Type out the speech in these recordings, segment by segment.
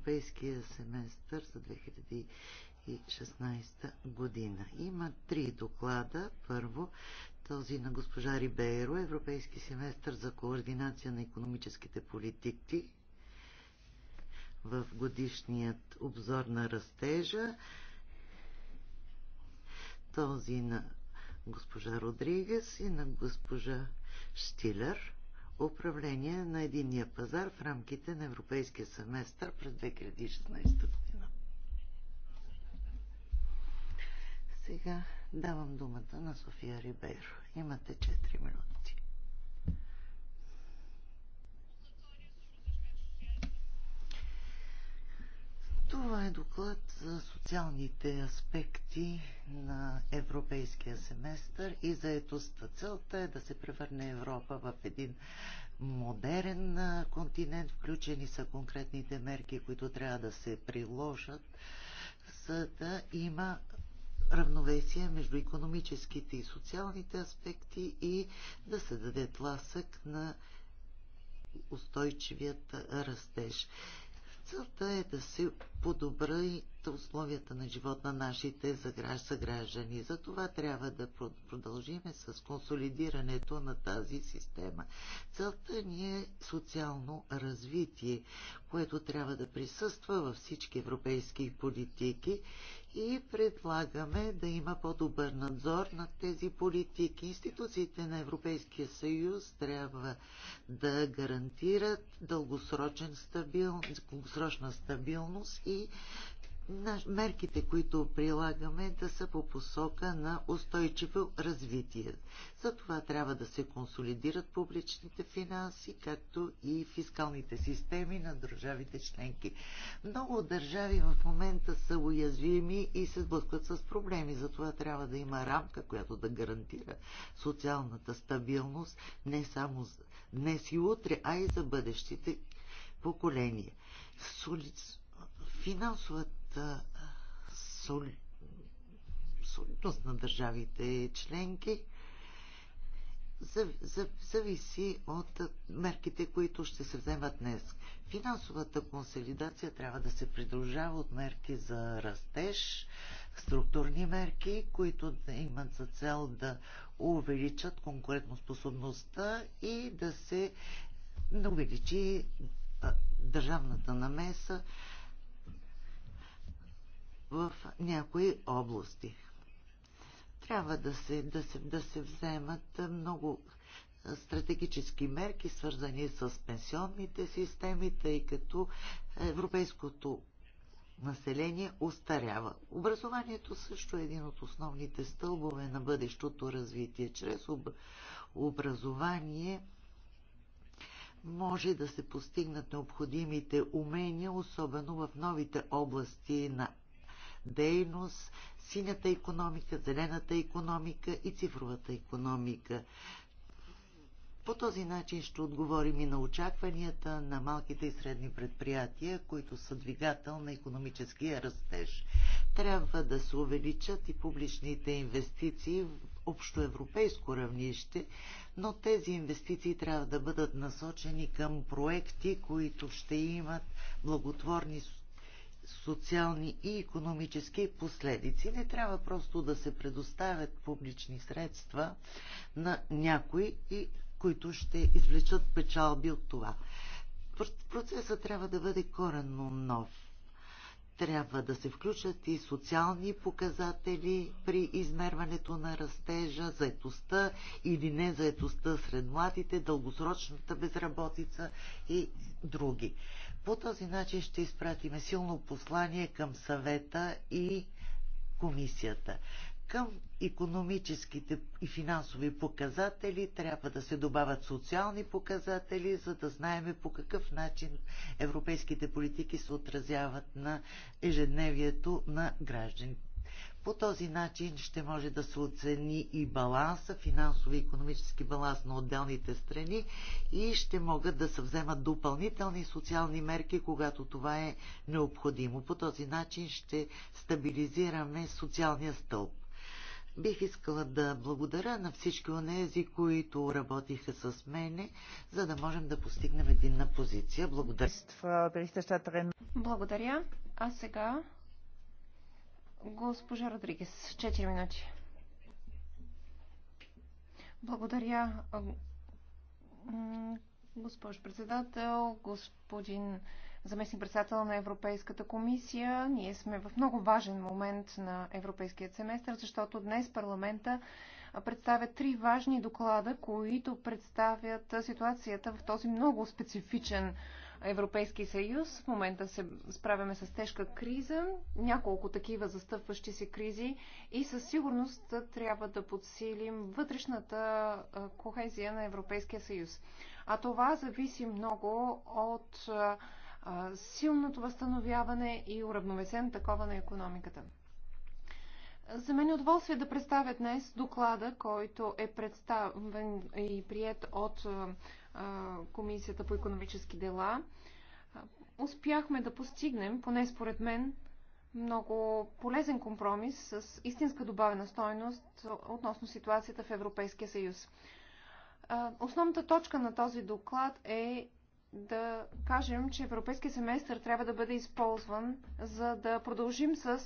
Европейския семестър за 2016 година. Има три доклада. Първо, този на госпожа Рибейро, Европейски семестър за координация на економическите политики в годишният обзор на растежа. Този на госпожа Родригес и на госпожа Штилер управление на единния пазар в рамките на Европейския семестър през 2016 година. Сега давам думата на София Рибейро. Имате 4 минути. Това е доклад за социалните аспекти на европейския семестър и заетостта. Целта е да се превърне Европа в един модерен континент. Включени са конкретните мерки, които трябва да се приложат, за да има равновесие между економическите и социалните аспекти и да се даде тласък на устойчивият растеж. Целта е да се подобри условията на живот на нашите съграждани. За това трябва да продължиме с консолидирането на тази система. Целта ни е социално развитие, което трябва да присъства във всички европейски политики и предлагаме да има по-добър надзор на тези политики. Институциите на Европейския съюз трябва да гарантират дългосрочен стабил, дългосрочна стабилност и мерките, които прилагаме, да са по посока на устойчиво развитие. За това трябва да се консолидират публичните финанси, както и фискалните системи на държавите членки. Много държави в момента са уязвими и се сблъскват с проблеми. За това трябва да има рамка, която да гарантира социалната стабилност не само днес и утре, а и за бъдещите поколения. Финансовата соли, солидност на държавите членки зависи от мерките, които ще се вземат днес. Финансовата консолидация трябва да се придружава от мерки за растеж, структурни мерки, които да имат за цел да увеличат конкурентоспособността и да се увеличи държавната намеса в някои области. Трябва да се, да се, да се вземат много стратегически мерки, свързани с пенсионните системи, тъй като европейското население устарява. Образованието също е един от основните стълбове на бъдещото развитие. Чрез об... образование може да се постигнат необходимите умения, особено в новите области на дейност, синята економика, зелената економика и цифровата економика. По този начин ще отговорим и на очакванията на малките и средни предприятия, които са двигател на економическия растеж. Трябва да се увеличат и публичните инвестиции в общоевропейско равнище, но тези инвестиции трябва да бъдат насочени към проекти, които ще имат благотворни социални и економически последици. Не трябва просто да се предоставят публични средства на някои, и които ще извлечат печалби от това. Процесът трябва да бъде коренно нов трябва да се включат и социални показатели при измерването на растежа, заетостта или не заетостта сред младите, дългосрочната безработица и други. По този начин ще изпратиме силно послание към съвета и комисията. Към економическите и финансови показатели трябва да се добавят социални показатели, за да знаем по какъв начин европейските политики се отразяват на ежедневието на гражданите. По този начин ще може да се оцени и баланса, финансови и економически баланс на отделните страни и ще могат да се вземат допълнителни социални мерки, когато това е необходимо. По този начин ще стабилизираме социалния стълб. Бих искала да благодаря на всички онези, които работиха с мене, за да можем да постигнем единна позиция. Благодаря. Благодаря. А сега госпожа Родригес. 4 минути. Благодаря, госпожо председател, господин заместник председател на Европейската комисия. Ние сме в много важен момент на европейския семестър, защото днес парламента представя три важни доклада, които представят ситуацията в този много специфичен Европейски съюз. В момента се справяме с тежка криза, няколко такива застъпващи се кризи и със сигурност трябва да подсилим вътрешната кохезия на Европейския съюз. А това зависи много от силното възстановяване и уравновесено такова на економиката. За мен е удоволствие да представя днес доклада, който е представен и прият от Комисията по економически дела. Успяхме да постигнем, поне според мен, много полезен компромис с истинска добавена стойност относно ситуацията в Европейския съюз. Основната точка на този доклад е да кажем, че европейския семестър трябва да бъде използван, за да продължим с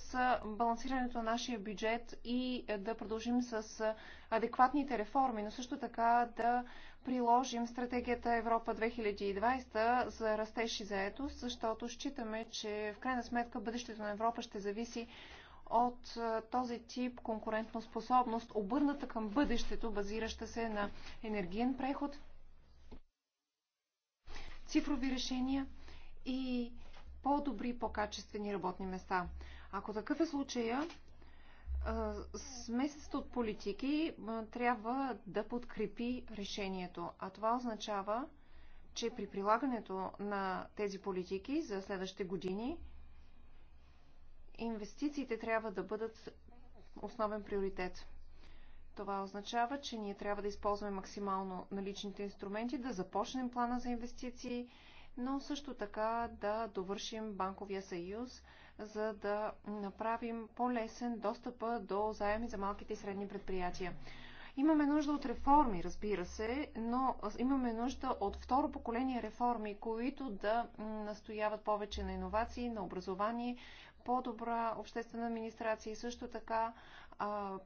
балансирането на нашия бюджет и да продължим с адекватните реформи, но също така да приложим стратегията Европа 2020 за растеж и заетост, защото считаме, че в крайна сметка бъдещето на Европа ще зависи от този тип конкурентно способност, обърната към бъдещето, базираща се на енергиен преход – цифрови решения и по-добри по-качествени работни места. Ако такъв е случая, смесът от политики трябва да подкрепи решението. А това означава, че при прилагането на тези политики за следващите години, инвестициите трябва да бъдат основен приоритет. Това означава, че ние трябва да използваме максимално наличните инструменти, да започнем плана за инвестиции, но също така да довършим банковия съюз, за да направим по-лесен достъпа до заеми за малките и средни предприятия. Имаме нужда от реформи, разбира се, но имаме нужда от второ поколение реформи, които да настояват повече на иновации, на образование, по-добра обществена администрация и също така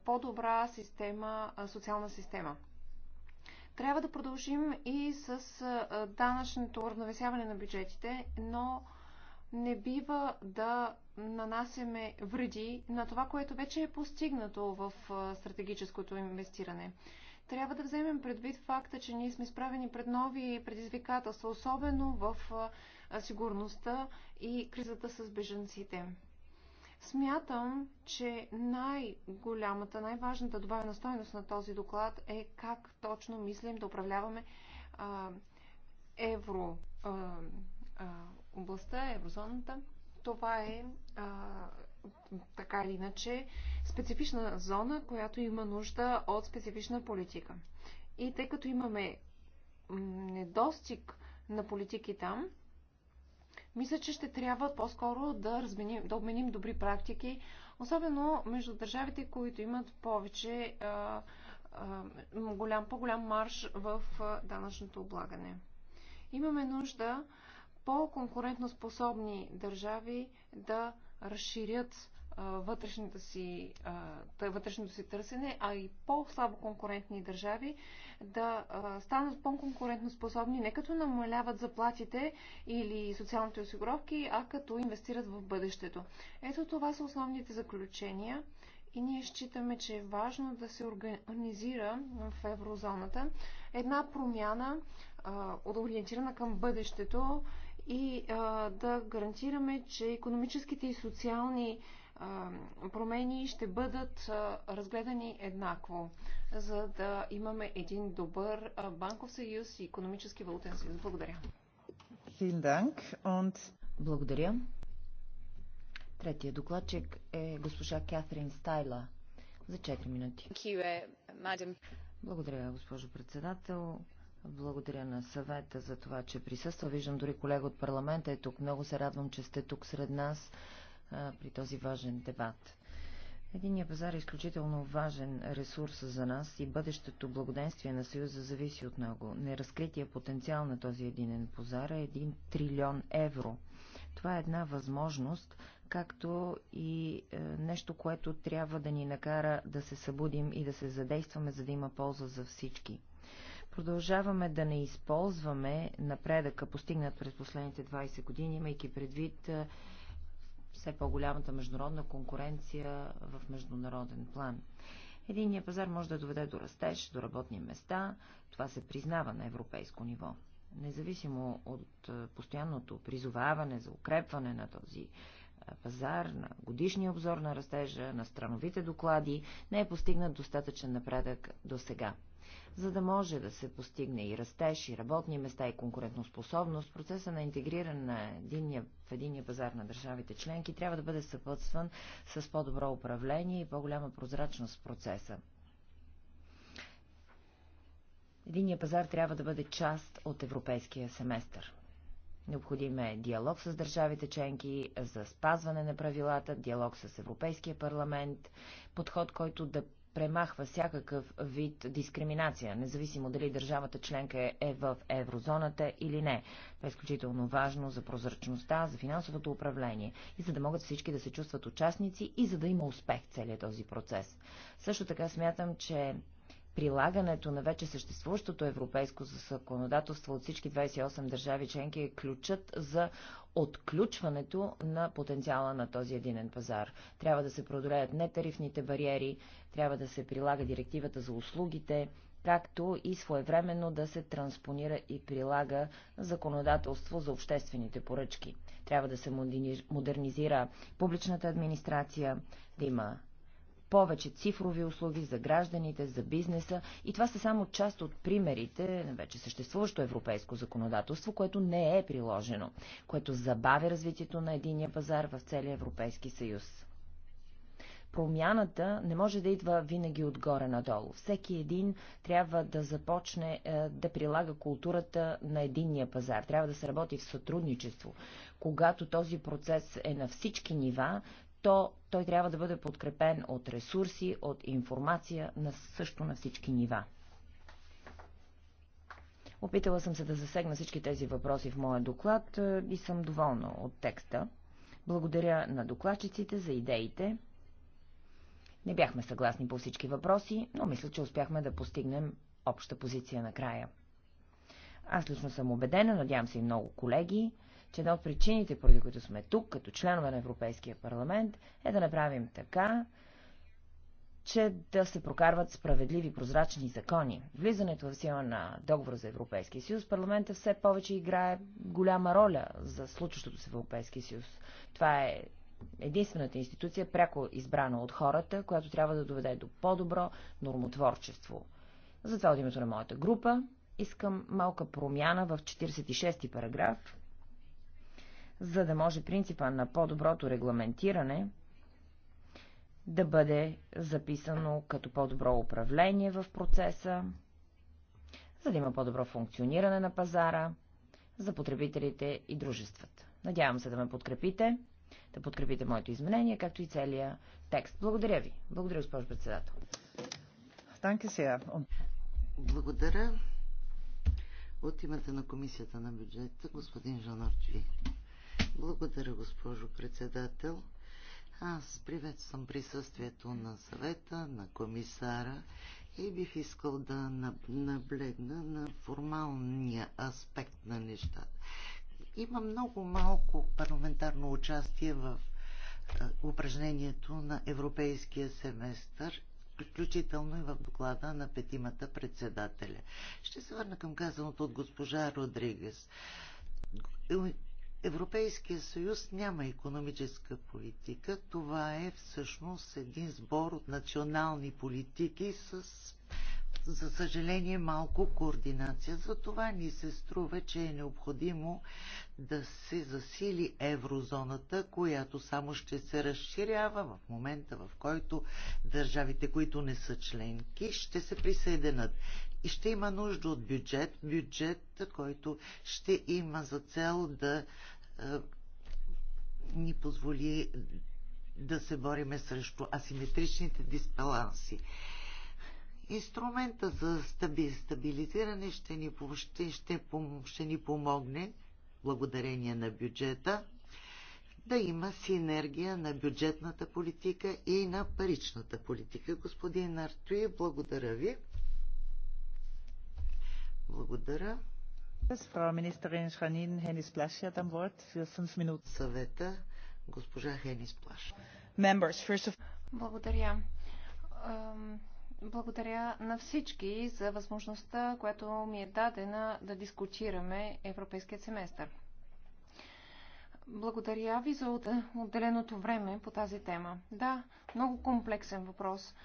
по-добра система, социална система. Трябва да продължим и с данъчното уравновесяване на бюджетите, но не бива да нанасяме вреди на това, което вече е постигнато в стратегическото инвестиране. Трябва да вземем предвид факта, че ние сме справени пред нови предизвикателства, особено в сигурността и кризата с беженците. Смятам, че най-голямата, най-важната добавена стойност на този доклад е как точно мислим да управляваме а, евро а, а, областта, еврозоната. Това е а, така или иначе специфична зона, която има нужда от специфична политика. И тъй като имаме недостиг на политики там, мисля, че ще трябва по-скоро да, разменим, да обменим добри практики, особено между държавите, които имат повече а, а, голям, по-голям марш в данъчното облагане. Имаме нужда по-конкурентно способни държави да разширят вътрешното си, вътрешното си търсене, а и по-слабо конкурентни държави да станат по-конкурентно способни, не като намаляват заплатите или социалните осигуровки, а като инвестират в бъдещето. Ето това са основните заключения и ние считаме, че е важно да се организира в еврозоната една промяна, ориентирана към бъдещето и да гарантираме, че економическите и социални промени ще бъдат разгледани еднакво, за да имаме един добър банков съюз и економически валутен съюз. Благодаря. Благодаря. Третия докладчик е госпожа Кятрин Стайла за 4 минути. Uh, Благодаря, госпожо председател. Благодаря на съвета за това, че присъства. Виждам дори колега от парламента е тук. Много се радвам, че сте тук сред нас а, при този важен дебат. Единият пазар е изключително важен ресурс за нас и бъдещето благоденствие на Съюза зависи от него. Неразкрития потенциал на този единен пазар е 1 трилион евро. Това е една възможност, както и е, нещо, което трябва да ни накара да се събудим и да се задействаме, за да има полза за всички. Продължаваме да не използваме напредъка, постигнат през последните 20 години, имайки предвид е, все по-голямата международна конкуренция в международен план. Единият пазар може да доведе до растеж, до работни места, това се признава на европейско ниво. Независимо от е, постоянното призоваване за укрепване на този е, пазар, на годишния обзор на растежа, на страновите доклади, не е постигнат достатъчен напредък до сега. За да може да се постигне и растеж, и работни места, и конкурентоспособност, процеса на интегриране на единия, в единия пазар на държавите членки трябва да бъде съпътстван с по-добро управление и по-голяма прозрачност в процеса. Единия пазар трябва да бъде част от европейския семестър. Необходим е диалог с държавите членки за спазване на правилата, диалог с Европейския парламент, подход, който да премахва всякакъв вид дискриминация, независимо дали държавата членка е, е в еврозоната или не. Това е изключително важно за прозрачността, за финансовото управление и за да могат всички да се чувстват участници и за да има успех целият този процес. Също така смятам, че прилагането на вече съществуващото европейско законодателство от всички 28 държави членки е ключът за отключването на потенциала на този единен пазар. Трябва да се продолеят нетарифните бариери, трябва да се прилага директивата за услугите, както и своевременно да се транспонира и прилага законодателство за обществените поръчки. Трябва да се модернизира публичната администрация, да има повече цифрови услуги за гражданите, за бизнеса и това са само част от примерите на вече съществуващо европейско законодателство, което не е приложено, което забавя развитието на единия пазар в целия Европейски съюз. Промяната не може да идва винаги отгоре надолу. Всеки един трябва да започне е, да прилага културата на единния пазар. Трябва да се работи в сътрудничество. Когато този процес е на всички нива, то той трябва да бъде подкрепен от ресурси, от информация на също на всички нива. Опитала съм се да засегна всички тези въпроси в моя доклад е, и съм доволна от текста. Благодаря на докладчиците за идеите. Не бяхме съгласни по всички въпроси, но мисля, че успяхме да постигнем обща позиция накрая. Аз лично съм убедена, надявам се и много колеги, че една от причините, поради които сме тук, като членове на Европейския парламент, е да направим така, че да се прокарват справедливи прозрачни закони. Влизането в сила на договор за Европейския съюз, парламента все повече играе голяма роля за случващото се в Европейския съюз. Това е единствената институция, пряко избрана от хората, която трябва да доведе до по-добро нормотворчество. Затова от името на моята група искам малка промяна в 46 ти параграф, за да може принципа на по-доброто регламентиране да бъде записано като по-добро управление в процеса, за да има по-добро функциониране на пазара за потребителите и дружествата. Надявам се да ме подкрепите да подкрепите моето изменение, както и целия текст. Благодаря ви. Благодаря, госпожо председател. Благодаря. От името на Комисията на бюджета, господин Жанарчи. Благодаря, госпожо председател. Аз приветствам присъствието на съвета, на комисара и бих искал да наблегна на формалния аспект на нещата има много малко парламентарно участие в упражнението на Европейския семестър, включително и в доклада на петимата председателя. Ще се върна към казаното от госпожа Родригес. Европейския съюз няма економическа политика. Това е всъщност един сбор от национални политики с за съжаление, малко координация. За това ни се струва, че е необходимо да се засили еврозоната, която само ще се разширява в момента, в който държавите, които не са членки, ще се присъединят. И ще има нужда от бюджет, бюджет, който ще има за цел да е, ни позволи да се бориме срещу асиметричните дисбаланси. Инструмента за стабилизиране ще ни, ще, ще, ще ни помогне, благодарение на бюджета, да има синергия на бюджетната политика и на паричната политика. Господин Артуи, благодаря ви. Благодаря. Frau Ministerin Janine Hennis-Plasch hat am Wort für fünf Съвета госпожа Хенис Плаш. Благодаря благодаря на всички за възможността, която ми е дадена да дискутираме европейският семестър. Благодаря ви за отделеното време по тази тема. Да, много комплексен въпрос,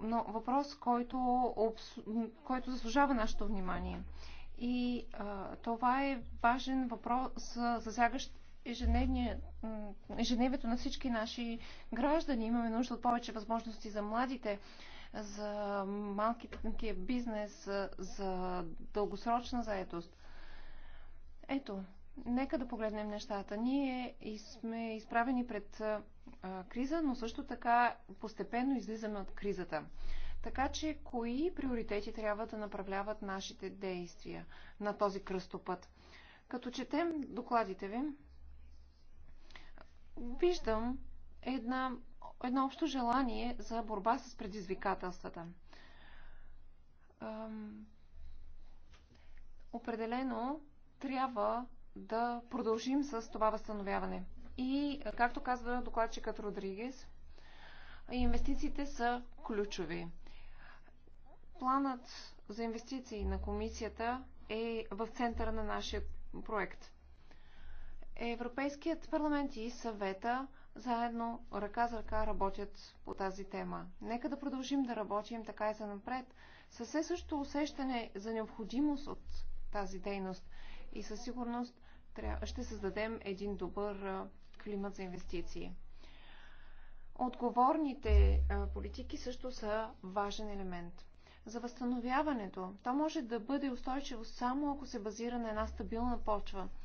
но въпрос, който, обс... който заслужава нашето внимание. И а, това е важен въпрос, засягащ ежедневието на всички наши граждани. Имаме нужда от повече възможности за младите, за малкия бизнес, за дългосрочна заетост. Ето, нека да погледнем нещата. Ние сме изправени пред криза, но също така постепенно излизаме от кризата. Така че, кои приоритети трябва да направляват нашите действия на този кръстопът? Като четем докладите ви, виждам една, едно общо желание за борба с предизвикателствата. Определено трябва да продължим с това възстановяване. И, както казва докладчикът Родригес, инвестициите са ключови. Планът за инвестиции на комисията е в центъра на нашия проект. Европейският парламент и съвета заедно ръка за ръка работят по тази тема. Нека да продължим да работим така и за напред. Със все също усещане за необходимост от тази дейност и със сигурност ще създадем един добър климат за инвестиции. Отговорните политики също са важен елемент. За възстановяването, то може да бъде устойчиво само ако се базира на една стабилна почва –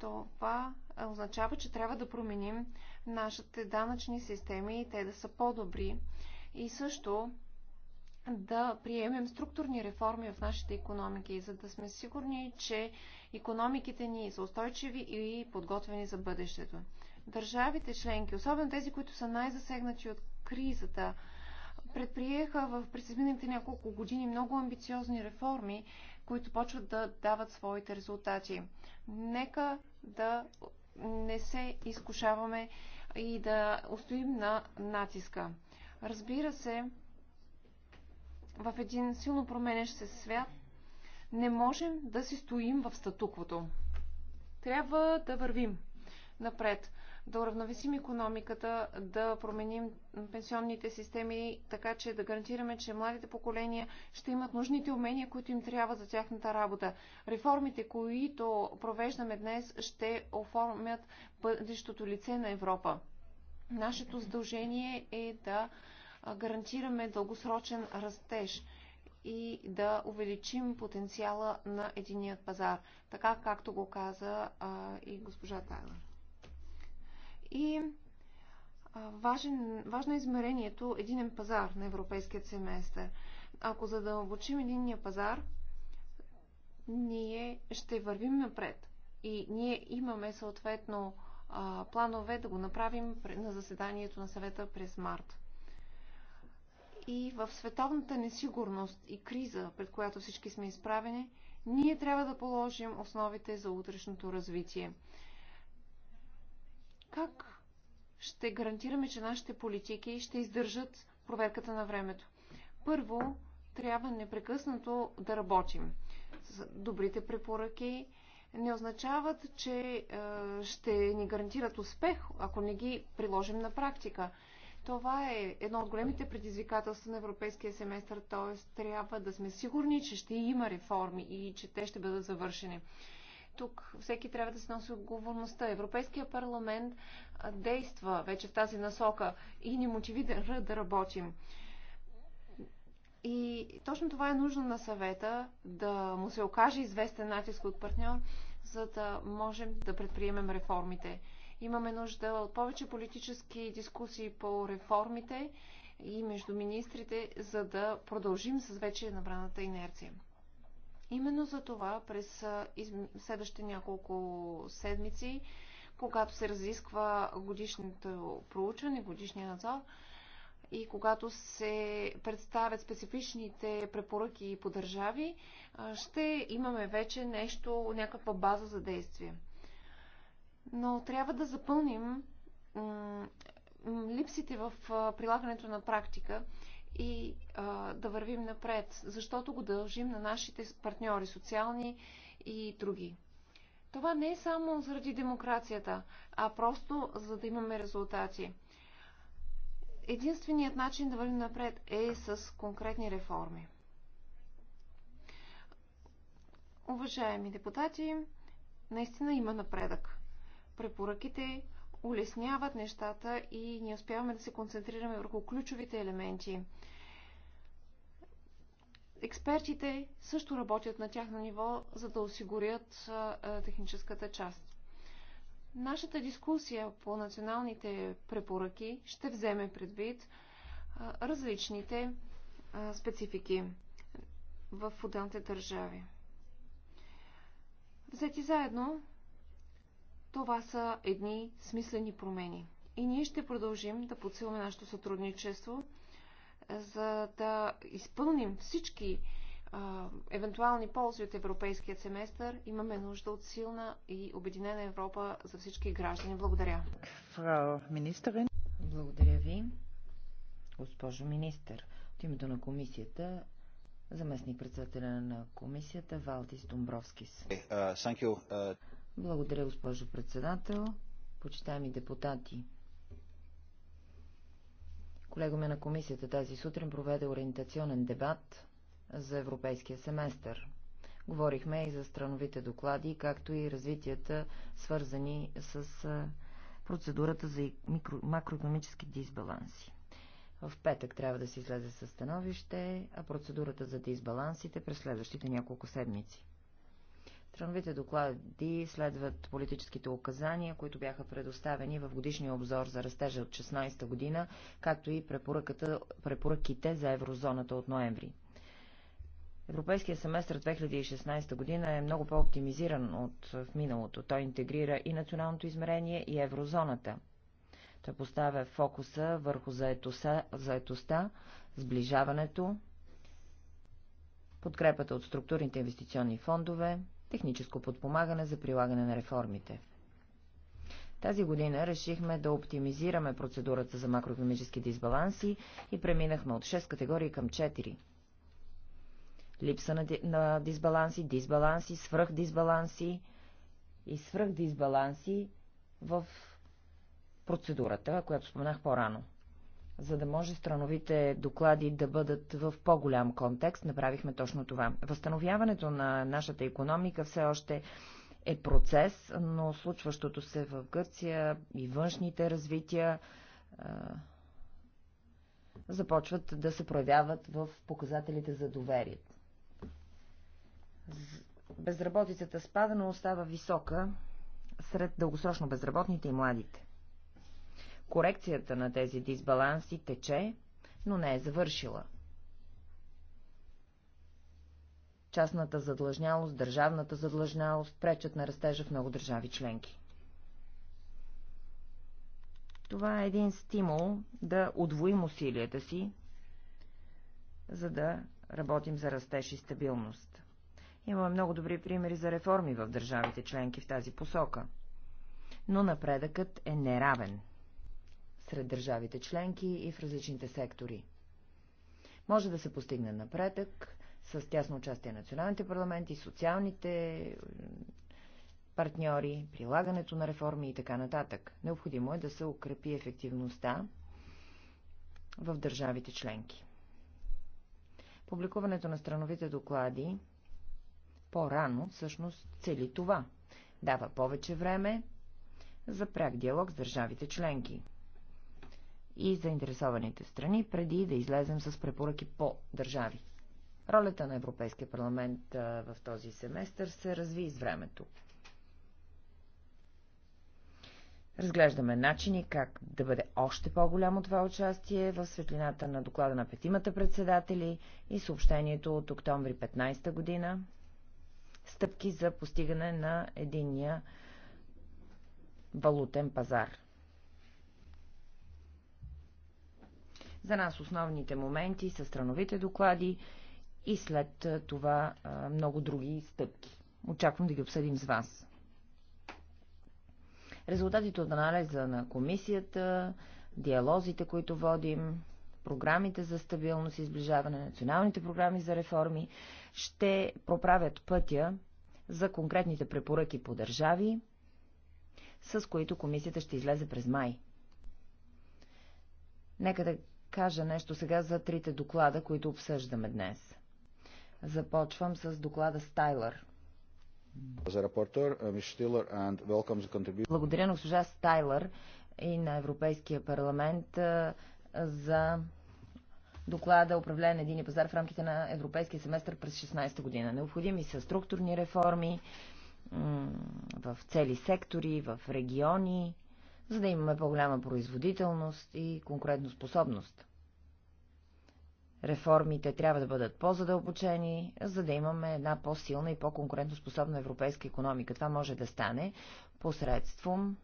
това е, означава, че трябва да променим нашите данъчни системи и те да са по-добри. И също да приемем структурни реформи в нашите економики, за да сме сигурни, че економиките ни са устойчиви и подготвени за бъдещето. Държавите членки, особено тези, които са най-засегнати от кризата, предприеха в през изминалите няколко години много амбициозни реформи които почват да дават своите резултати. Нека да не се изкушаваме и да устоим на натиска. Разбира се, в един силно променящ се свят не можем да си стоим в статуквото. Трябва да вървим напред да уравновесим економиката, да променим пенсионните системи, така че да гарантираме, че младите поколения ще имат нужните умения, които им трябва за тяхната работа. Реформите, които провеждаме днес, ще оформят бъдещото лице на Европа. Нашето задължение е да гарантираме дългосрочен растеж и да увеличим потенциала на единият пазар, така както го каза а, и госпожа Тайлър. И важен, важно е измерението единен пазар на европейският семестър. Ако задълбочим единния пазар, ние ще вървим напред. И ние имаме съответно планове да го направим на заседанието на съвета през март. И в световната несигурност и криза, пред която всички сме изправени, ние трябва да положим основите за утрешното развитие. Как ще гарантираме, че нашите политики ще издържат проверката на времето? Първо, трябва непрекъснато да работим. Добрите препоръки не означават, че е, ще ни гарантират успех, ако не ги приложим на практика. Това е едно от големите предизвикателства на европейския семестър, т.е. трябва да сме сигурни, че ще има реформи и че те ще бъдат завършени тук всеки трябва да се носи отговорността. Европейския парламент действа вече в тази насока и ни да, да работим. И точно това е нужно на съвета, да му се окаже известен натиск от партньор, за да можем да предприемем реформите. Имаме нужда от повече политически дискусии по реформите и между министрите, за да продължим с вече набраната инерция. Именно за това през следващите няколко седмици, когато се разисква годишното проучване, годишния надзор и когато се представят специфичните препоръки по държави, ще имаме вече нещо, някаква база за действие. Но трябва да запълним липсите в прилагането на практика и а, да вървим напред, защото го дължим на нашите партньори, социални и други. Това не е само заради демокрацията, а просто за да имаме резултати. Единственият начин да вървим напред е с конкретни реформи. Уважаеми депутати, наистина има напредък. Препоръките улесняват нещата и не успяваме да се концентрираме върху ключовите елементи. Експертите също работят на тяхно ниво, за да осигурят техническата част. Нашата дискусия по националните препоръки ще вземе предвид различните специфики в отделните държави. Взети заедно, това са едни смислени промени. И ние ще продължим да подсилваме нашето сътрудничество, е, за да изпълним всички а, е, евентуални ползи от европейския семестър. Имаме нужда от силна и обединена Европа за всички граждани. Благодаря. Благодаря ви, госпожо министър. От името на комисията заместник председателя на комисията Валтис Домбровскис. Е, благодаря, госпожо председател. Почитаеми депутати. ме на комисията тази сутрин проведе ориентационен дебат за европейския семестър. Говорихме и за страновите доклади, както и развитията, свързани с процедурата за микро... макроекономически дисбаланси. В петък трябва да се излезе със становище, а процедурата за дисбалансите през следващите няколко седмици. Тръмвите доклади следват политическите указания, които бяха предоставени в годишния обзор за растежа от 16-та година, както и препоръките за еврозоната от ноември. Европейския семестър 2016 година е много по-оптимизиран от в миналото. Той интегрира и националното измерение, и еврозоната. Той поставя фокуса върху заетостта сближаването, подкрепата от структурните инвестиционни фондове, техническо подпомагане за прилагане на реформите. Тази година решихме да оптимизираме процедурата за макроекономически дисбаланси и преминахме от 6 категории към 4. Липса на, на дисбаланси, дисбаланси, свръхдисбаланси и свръхдисбаланси в процедурата, която споменах по-рано за да може страновите доклади да бъдат в по-голям контекст, направихме точно това. Възстановяването на нашата економика все още е процес, но случващото се в Гърция и външните развития а, започват да се проявяват в показателите за доверие. Безработицата спада, но остава висока сред дългосрочно безработните и младите. Корекцията на тези дисбаланси тече, но не е завършила. Частната задлъжнялост, държавната задлъжнялост пречат на растежа в много държави членки. Това е един стимул да удвоим усилията си, за да работим за растеж и стабилност. Имаме много добри примери за реформи в държавите членки в тази посока. Но напредъкът е неравен сред държавите членки и в различните сектори. Може да се постигне напредък с тясно участие на националните парламенти, социалните партньори, прилагането на реформи и така нататък. Необходимо е да се укрепи ефективността в държавите членки. Публикуването на страновите доклади по-рано всъщност цели това. Дава повече време за пряк диалог с държавите членки и заинтересованите страни, преди да излезем с препоръки по държави. Ролята на Европейския парламент в този семестър се разви с времето. Разглеждаме начини как да бъде още по-голямо това участие в светлината на доклада на петимата председатели и съобщението от октомври 15 година. Стъпки за постигане на единния валутен пазар. За нас основните моменти са страновите доклади и след това много други стъпки. Очаквам да ги обсъдим с вас. Резултатите от анализа на комисията, диалозите, които водим, програмите за стабилност и сближаване, националните програми за реформи, ще проправят пътя за конкретните препоръки по държави, с които комисията ще излезе през май. Нека да кажа нещо сега за трите доклада, които обсъждаме днес. Започвам с доклада Стайлър. Uh, Благодаря на госпожа Стайлър и на Европейския парламент uh, за доклада Управление на единия пазар в рамките на Европейския семестър през 16 година. Необходими са структурни реформи в цели сектори, в региони, за да имаме по-голяма производителност и конкурентоспособност. Реформите трябва да бъдат по-задълбочени, за да имаме една по-силна и по-конкурентоспособна европейска економика. Това може да стане посредством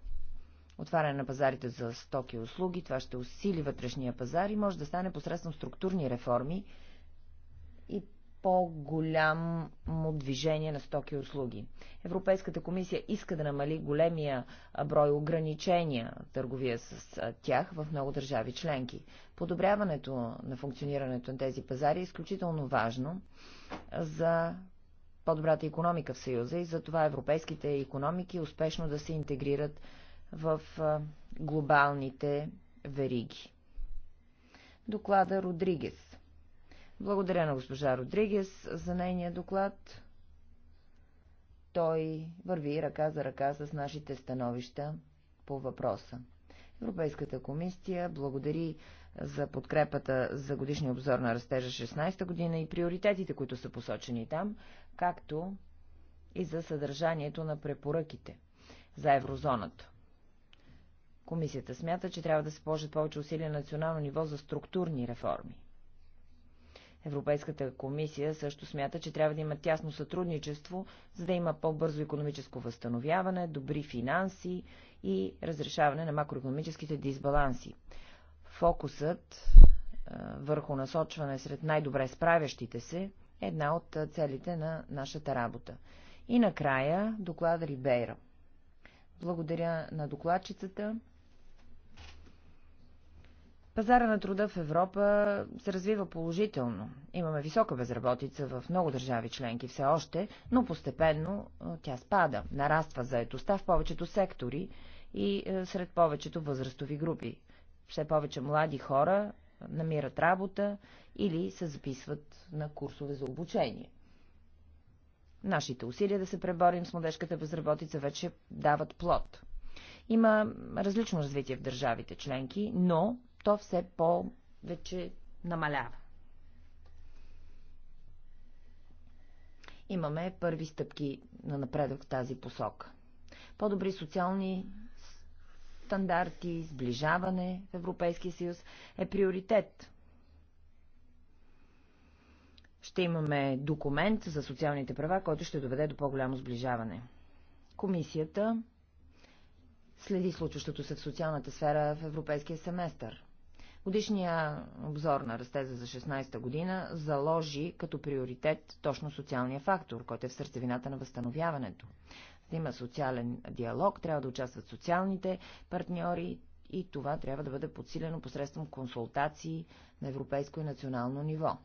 отваряне на пазарите за стоки и услуги. Това ще усили вътрешния пазар и може да стане посредством структурни реформи и по-голямо движение на стоки и услуги. Европейската комисия иска да намали големия брой ограничения търговия с тях в много държави членки. Подобряването на функционирането на тези пазари е изключително важно за по-добрата економика в Съюза и за това европейските економики успешно да се интегрират в глобалните вериги. Доклада Родригес благодаря на госпожа Родригес за нейния доклад. Той върви ръка за ръка с нашите становища по въпроса. Европейската комисия благодари за подкрепата за годишния обзор на растежа 16 та година и приоритетите, които са посочени там, както и за съдържанието на препоръките за еврозоната. Комисията смята, че трябва да се положат повече усилия на национално ниво за структурни реформи. Европейската комисия също смята, че трябва да има тясно сътрудничество, за да има по-бързо економическо възстановяване, добри финанси и разрешаване на макроекономическите дисбаланси. Фокусът върху насочване сред най-добре справящите се е една от целите на нашата работа. И накрая доклада Рибейра. Благодаря на докладчицата. Пазара на труда в Европа се развива положително. Имаме висока безработица в много държави членки все още, но постепенно тя спада. Нараства заетостта в повечето сектори и сред повечето възрастови групи. Все повече млади хора намират работа или се записват на курсове за обучение. Нашите усилия да се преборим с младежката безработица вече дават плод. Има различно развитие в държавите членки, но то все по-вече намалява. Имаме първи стъпки на напредък в тази посока. По-добри социални стандарти, сближаване в Европейския съюз е приоритет. Ще имаме документ за социалните права, който ще доведе до по-голямо сближаване. Комисията следи случващото се в социалната сфера в европейския семестър. Годишния обзор на растеза за 16-та година заложи като приоритет точно социалния фактор, който е в сърцевината на възстановяването. За да има социален диалог, трябва да участват социалните партньори и това трябва да бъде подсилено посредством консултации на европейско и национално ниво.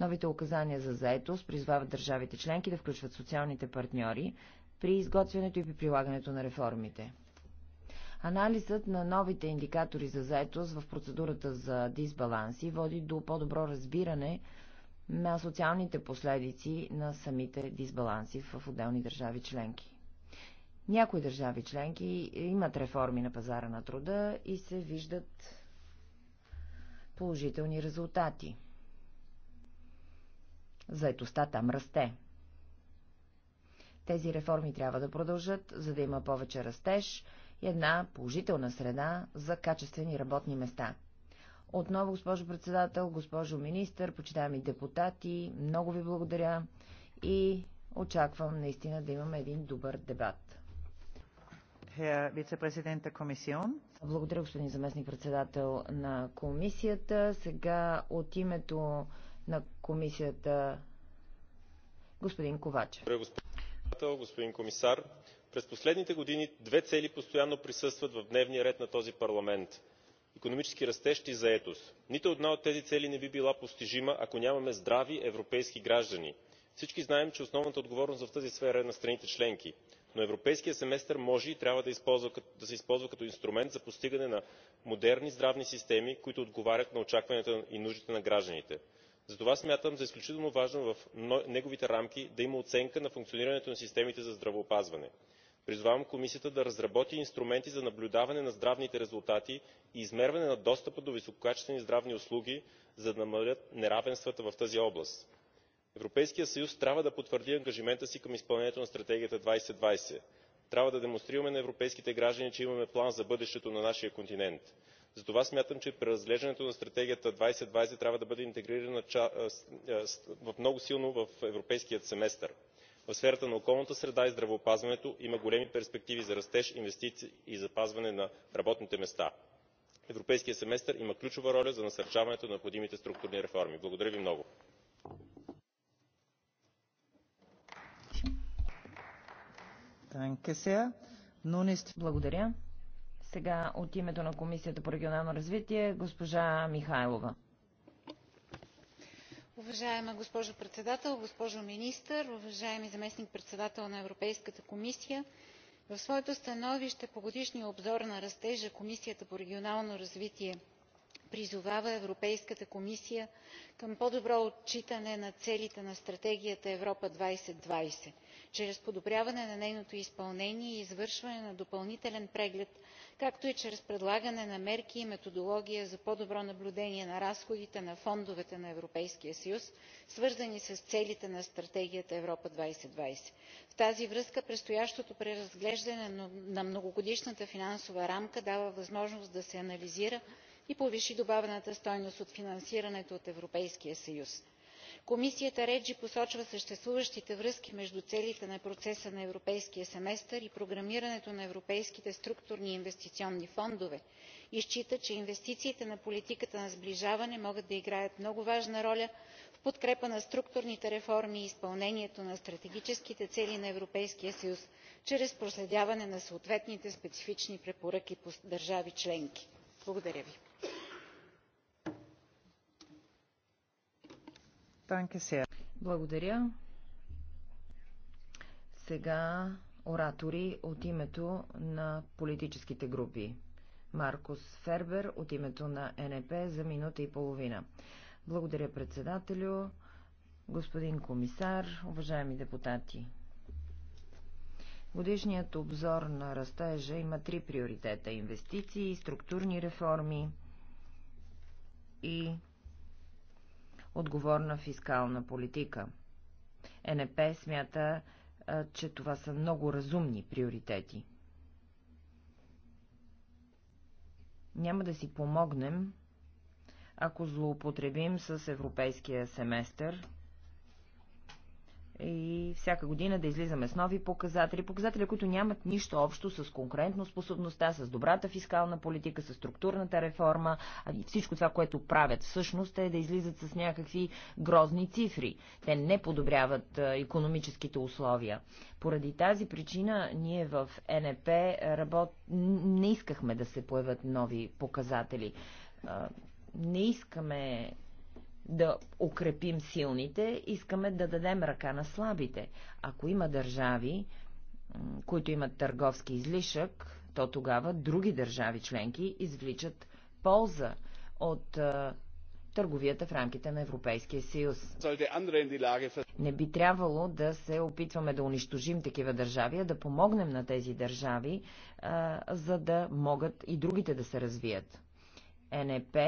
Новите указания за заетост призвават държавите членки да включват социалните партньори при изготвянето и при прилагането на реформите. Анализът на новите индикатори за заетост в процедурата за дисбаланси води до по-добро разбиране на социалните последици на самите дисбаланси в отделни държави членки. Някои държави членки имат реформи на пазара на труда и се виждат положителни резултати. Заетостта там расте. Тези реформи трябва да продължат, за да има повече растеж и една положителна среда за качествени работни места. Отново, госпожо председател, госпожо министър, почитаеми депутати, много ви благодаря и очаквам наистина да имаме един добър дебат. Благодаря, господин заместник председател на комисията. Сега от името на комисията господин Ковачев. Благодаря, господин председател, господин комисар през последните години две цели постоянно присъстват в дневния ред на този парламент икономически растеж и заетост. нито една от тези цели не би била постижима ако нямаме здрави европейски граждани. всички знаем че основната отговорност в тази сфера е на страните членки но европейският семестър може и трябва да се използва като инструмент за постигане на модерни здравни системи които отговарят на очакванията и нуждите на гражданите. затова смятам за изключително важно в неговите рамки да има оценка на функционирането на системите за здравеопазване призовавам комисията да разработи инструменти за наблюдаване на здравните резултати и измерване на достъпа до висококачествени здравни услуги за да намалят неравенствата в тази област. европейският съюз трябва да потвърди ангажимента си към изпълнението на стратегията. two thousand трябва да демонстрираме на европейските граждани че имаме план за бъдещето на нашия континент. затова смятам че преразглеждането на стратегията two thousand трябва да бъде интегрирано много силно в европейския семестър в сферата на околната среда и здравеопазването има големи перспективи за растеж инвестиции и запазване на работните места. европейският семестър има ключова роля за насърчаването на необходимите структурни реформи. благодаря ви много. Благодаря. Сега от името на Комисията по регионално развитие госпожа Михайлова уважаема госпожо председател госпожо министър уважаеми заместник председател на европейската комисия! в своето становище по годишния обзор на растежа комисията по регионално развитие призовава европейската комисия към по добро отчитане на целите на стратегията европа 2020, чрез подобряване на нейното изпълнение и извършване на допълнителен преглед както и чрез предлагане на мерки и методология за по добро наблюдение на разходите на фондовете на европейския съюз свързани с целите на стратегията европа. 2020. в тази връзка предстоящото преразглеждане на многогодишната финансова рамка дава възможност да се анализира и повиши добавената стойност от финансирането от европейския съюз. комисията реджи посочва съществуващите връзки между целите на процеса на европейския семестър и програмирането на европейските структурни и инвестиционни фондове и счита че инвестициите на политиката на сближаване могат да играят много важна роля в подкрепа на структурните реформи и изпълнението на стратегическите цели на европейския съюз чрез проследяване на съответните специфични препоръки по държави членки. благодаря ви. Благодаря. Сега оратори от името на политическите групи. Маркус Фербер от името на НП за минута и половина. Благодаря председателю, господин комисар, уважаеми депутати. Годишният обзор на растежа има три приоритета – инвестиции, структурни реформи и отговорна фискална политика. НП смята, че това са много разумни приоритети. Няма да си помогнем, ако злоупотребим с европейския семестър и всяка година да излизаме с нови показатели, показатели, които нямат нищо общо с конкурентно способността, с добрата фискална политика, с структурната реформа, а всичко това, което правят всъщност е да излизат с някакви грозни цифри. Те не подобряват економическите условия. Поради тази причина ние в НЕП работ... не искахме да се появят нови показатели. Не искаме да укрепим силните, искаме да дадем ръка на слабите. Ако има държави, които имат търговски излишък, то тогава други държави членки извличат полза от търговията в рамките на Европейския съюз. Не би трябвало да се опитваме да унищожим такива държави, а да помогнем на тези държави, а, за да могат и другите да се развият. НЕП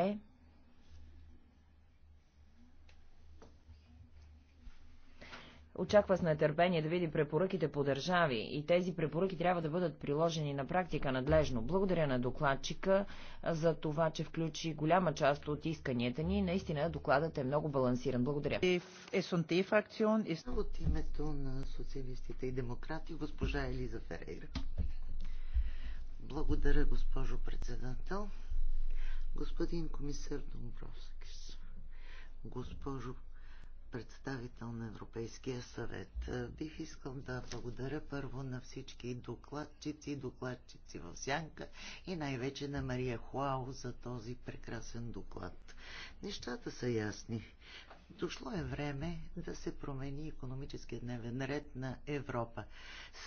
Очаква с нетърпение да види препоръките по държави и тези препоръки трябва да бъдат приложени на практика надлежно. Благодаря на докладчика за това, че включи голяма част от исканията ни. Наистина докладът е много балансиран. Благодаря. От името на социалистите и демократи госпожа Елиза Ферейра. Благодаря, госпожо председател. Господин комисар Домбровскис, госпожо представител на Европейския съвет. Е, бих искал да благодаря първо на всички докладчици, докладчици в Сянка и най-вече на Мария Хуао за този прекрасен доклад. Нещата са ясни. Дошло е време да се промени економическия дневен ред на Европа.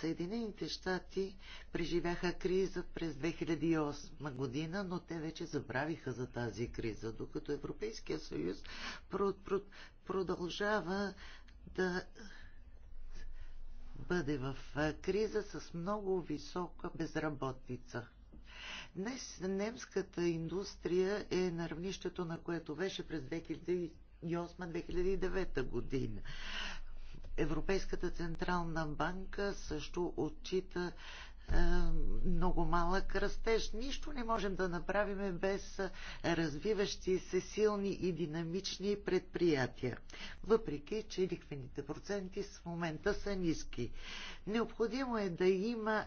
Съединените щати преживяха криза през 2008 година, но те вече забравиха за тази криза, докато Европейския съюз продължава да бъде в криза с много висока безработица. Днес немската индустрия е на равнището, на което беше през 2008-2009 година. Европейската централна банка също отчита е, много малък растеж. Нищо не можем да направим без развиващи се силни и динамични предприятия, въпреки че ликвените проценти в момента са ниски. Необходимо е да има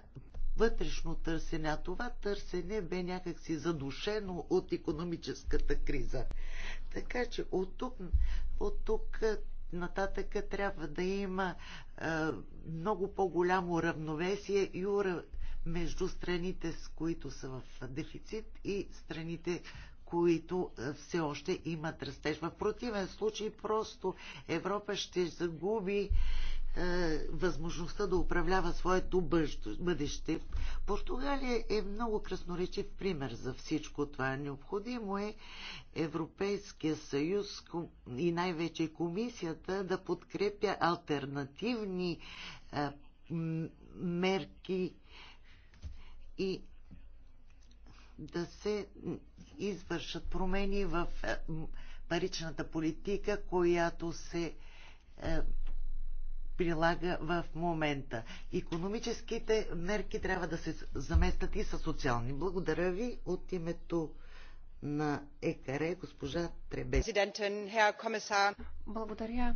вътрешно търсене, а това търсене бе някакси задушено от економическата криза. Така че от тук, от тук нататък трябва да има много по-голямо равновесие и между страните, с които са в дефицит и страните, които все още имат растеж. В противен случай просто Европа ще загуби е, възможността да управлява своето бъдеще. Португалия е много красноречив пример за всичко това. Необходимо е Европейския съюз и най-вече комисията да подкрепя альтернативни е, мерки и да се извършат промени в е, паричната политика, която се прилага в момента. Економическите мерки трябва да се заместят и с социални. Благодаря ви от името на ЕКАРЕ, госпожа Требе. Благодаря,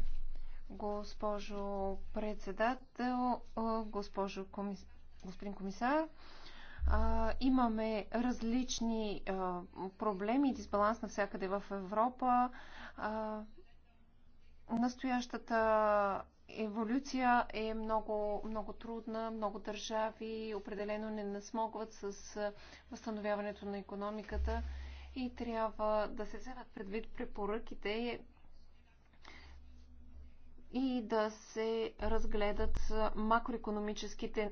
госпожо председател, госпожо комис... господин комисар. А, имаме различни а, проблеми и дисбаланс навсякъде в Европа. А, настоящата еволюция е много, много трудна. Много държави определено не насмогват с възстановяването на економиката и трябва да се вземат предвид препоръките и да се разгледат макроекономическите,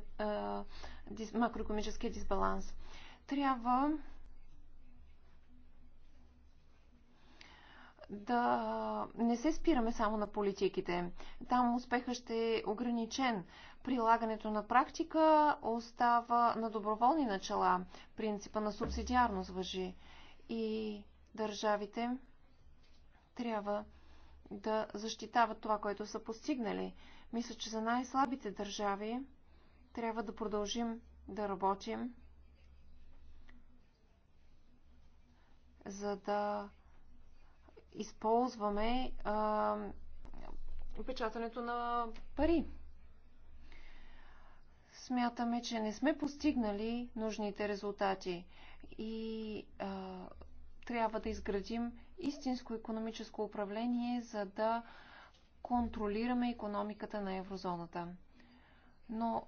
макроекономическия дисбаланс. Трябва да не се спираме само на политиките. Там успехът ще е ограничен. Прилагането на практика остава на доброволни начала. Принципа на субсидиарност въжи. И държавите трябва да защитават това, което са постигнали. Мисля, че за най-слабите държави трябва да продължим да работим, за да използваме а, печатането на пари. Смятаме, че не сме постигнали нужните резултати и а, трябва да изградим истинско економическо управление, за да контролираме економиката на еврозоната. Но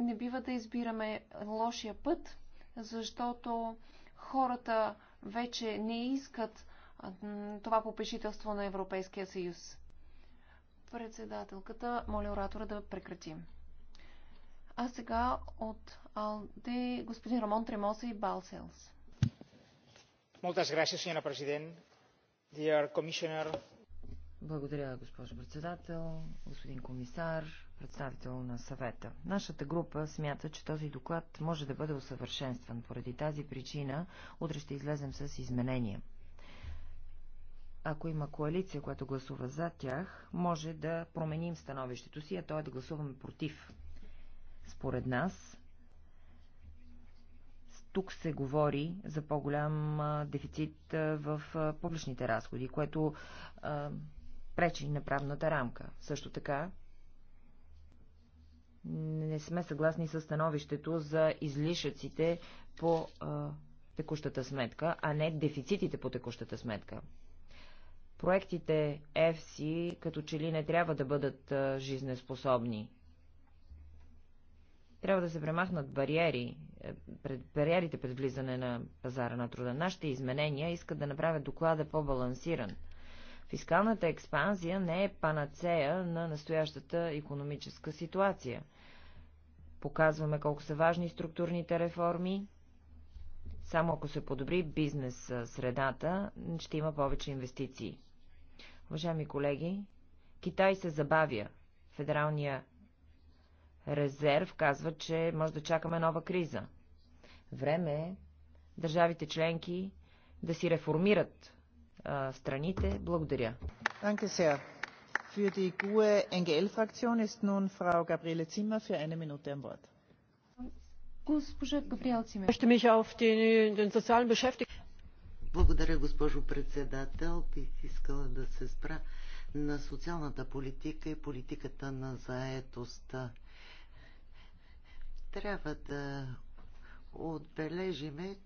не бива да избираме лошия път, защото хората вече не искат това попечителство на Европейския съюз. Председателката моля оратора да прекратим. А сега от Алде господин Рамон Тремоса и Балселс. Благодаря, госпожо председател, господин комисар, представител на съвета. Нашата група смята, че този доклад може да бъде усъвършенстван. Поради тази причина утре ще излезем с изменения ако има коалиция, която гласува за тях, може да променим становището си, а то е да гласуваме против. Според нас, тук се говори за по-голям дефицит в публичните разходи, което пречи на правната рамка. Също така, не сме съгласни с становището за излишъците по а, текущата сметка, а не дефицитите по текущата сметка проектите FC като че ли не трябва да бъдат жизнеспособни. Трябва да се премахнат бариери, е, пред, бариерите пред влизане на пазара на труда. Нашите изменения искат да направят доклада по-балансиран. Фискалната експанзия не е панацея на настоящата економическа ситуация. Показваме колко са важни структурните реформи, само ако се подобри бизнес средата, ще има повече инвестиции. Уважаеми колеги, Китай се забавя. Федералния резерв казва, че може да чакаме нова криза. Време е държавите членки да си реформират а, страните. Благодаря. Danke sehr. Für die GUE NGL Fraktion ist nun Frau Gabriele Zimmer für eine Minute am Wort. Госпожа Габриел Цимер. Благодаря, госпожо председател. Бих искала да се спра на социалната политика и политиката на заетостта. Трябва да отбележиме,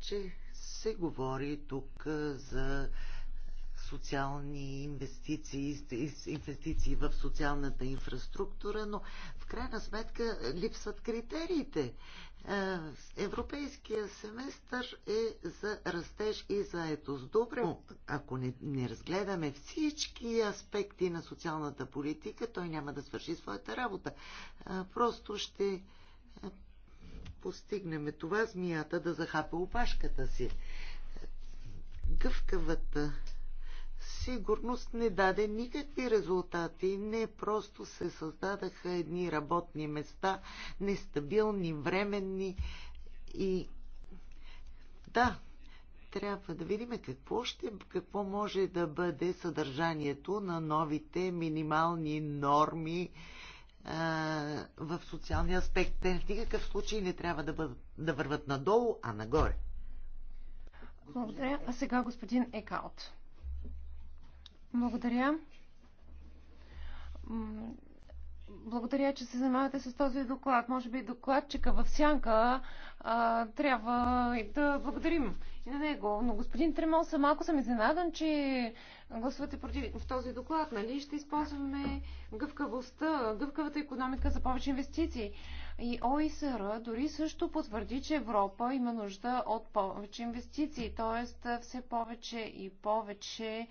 че се говори тук за социални инвестиции, инвестиции в социалната инфраструктура, но в крайна сметка липсват критериите. Е, европейския семестър е за растеж и заетост. Добре, но ако не, не разгледаме всички аспекти на социалната политика, той няма да свърши своята работа. Е, просто ще е, постигнем това змията да захапе опашката си. Гъвкавата сигурност не даде никакви резултати. Не просто се създадаха едни работни места, нестабилни, временни и да, трябва да видим какво, ще, какво може да бъде съдържанието на новите минимални норми а, в социалния аспект. Те в никакъв случай не трябва да, бъдат, да върват надолу, а нагоре. Благодаря. А сега господин Екаут. Благодаря. Благодаря, че се занимавате с този доклад. Може би докладчика в сянка а, трябва и да благодарим и на него. Но господин Тремоса, малко съм изненадан, че гласувате против в този доклад. Нали? Ще използваме гъвкавостта, гъвкавата економика за повече инвестиции. И ОИСР дори също потвърди, че Европа има нужда от повече инвестиции, т.е. все повече и повече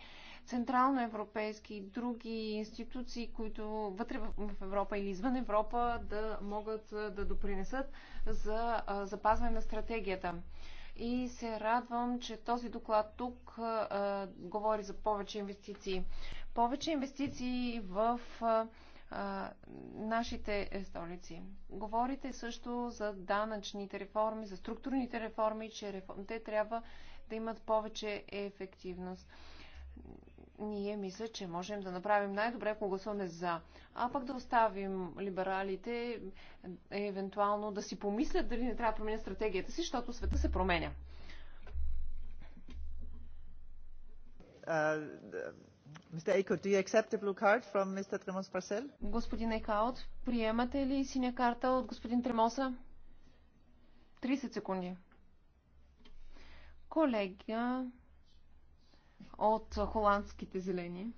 централноевропейски и други институции, които вътре в Европа или извън Европа да могат да допринесат за запазване на стратегията. И се радвам, че този доклад тук а, говори за повече инвестиции. Повече инвестиции в а, нашите е, столици. Говорите също за данъчните реформи, за структурните реформи, че реформ... те трябва да имат повече ефективност ние мисля, че можем да направим най-добре, ако гласуваме за. А пък да оставим либералите, е, евентуално да си помислят дали не трябва да променят стратегията си, защото света се променя. господин Екаут, приемате ли синя карта от господин Тремоса? 30 секунди. Колега, от холандските зелени.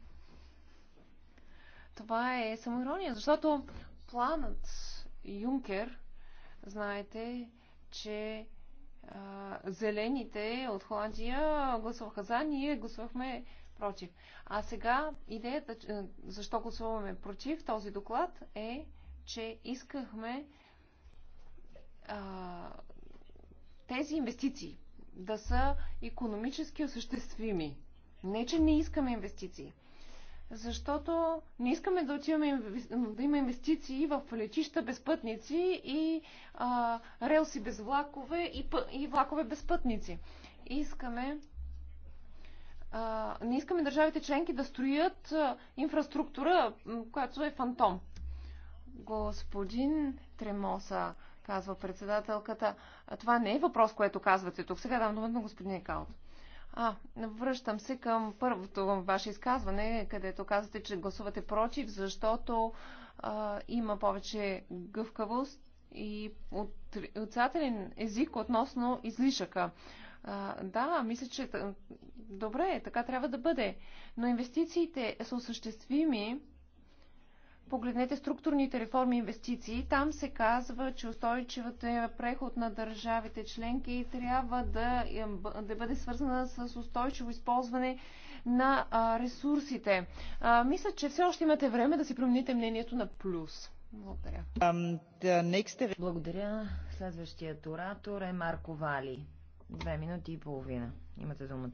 Това е самоирония, защото планът Юнкер, знаете, че а, зелените от Холандия гласуваха за, ние гласувахме против. А сега идеята, защо гласуваме против този доклад е, че искахме а, тези инвестиции да са економически осъществими. Не, че не искаме инвестиции. Защото не искаме да отиваме да има инвестиции в летища без пътници и а, релси без влакове и, и влакове без пътници. Искаме а, не искаме държавите членки да строят а, инфраструктура, която е фантом. Господин Тремоса, казва председателката, това не е въпрос, което казвате тук. Сега дам думата на господин Екалт. А, връщам се към първото ваше изказване, където казвате, че гласувате против, защото а, има повече гъвкавост и отрицателен език относно излишъка. А, да, мисля, че добре, така трябва да бъде. Но инвестициите са осъществими погледнете структурните реформи и инвестиции. Там се казва, че устойчивата преход на държавите членки трябва да, да бъде свързана с устойчиво използване на ресурсите. Мисля, че все още имате време да си промените мнението на плюс. Благодаря. Е- Благодаря. Следващият оратор е Марко Вали. Две минути и половина. Имате думата.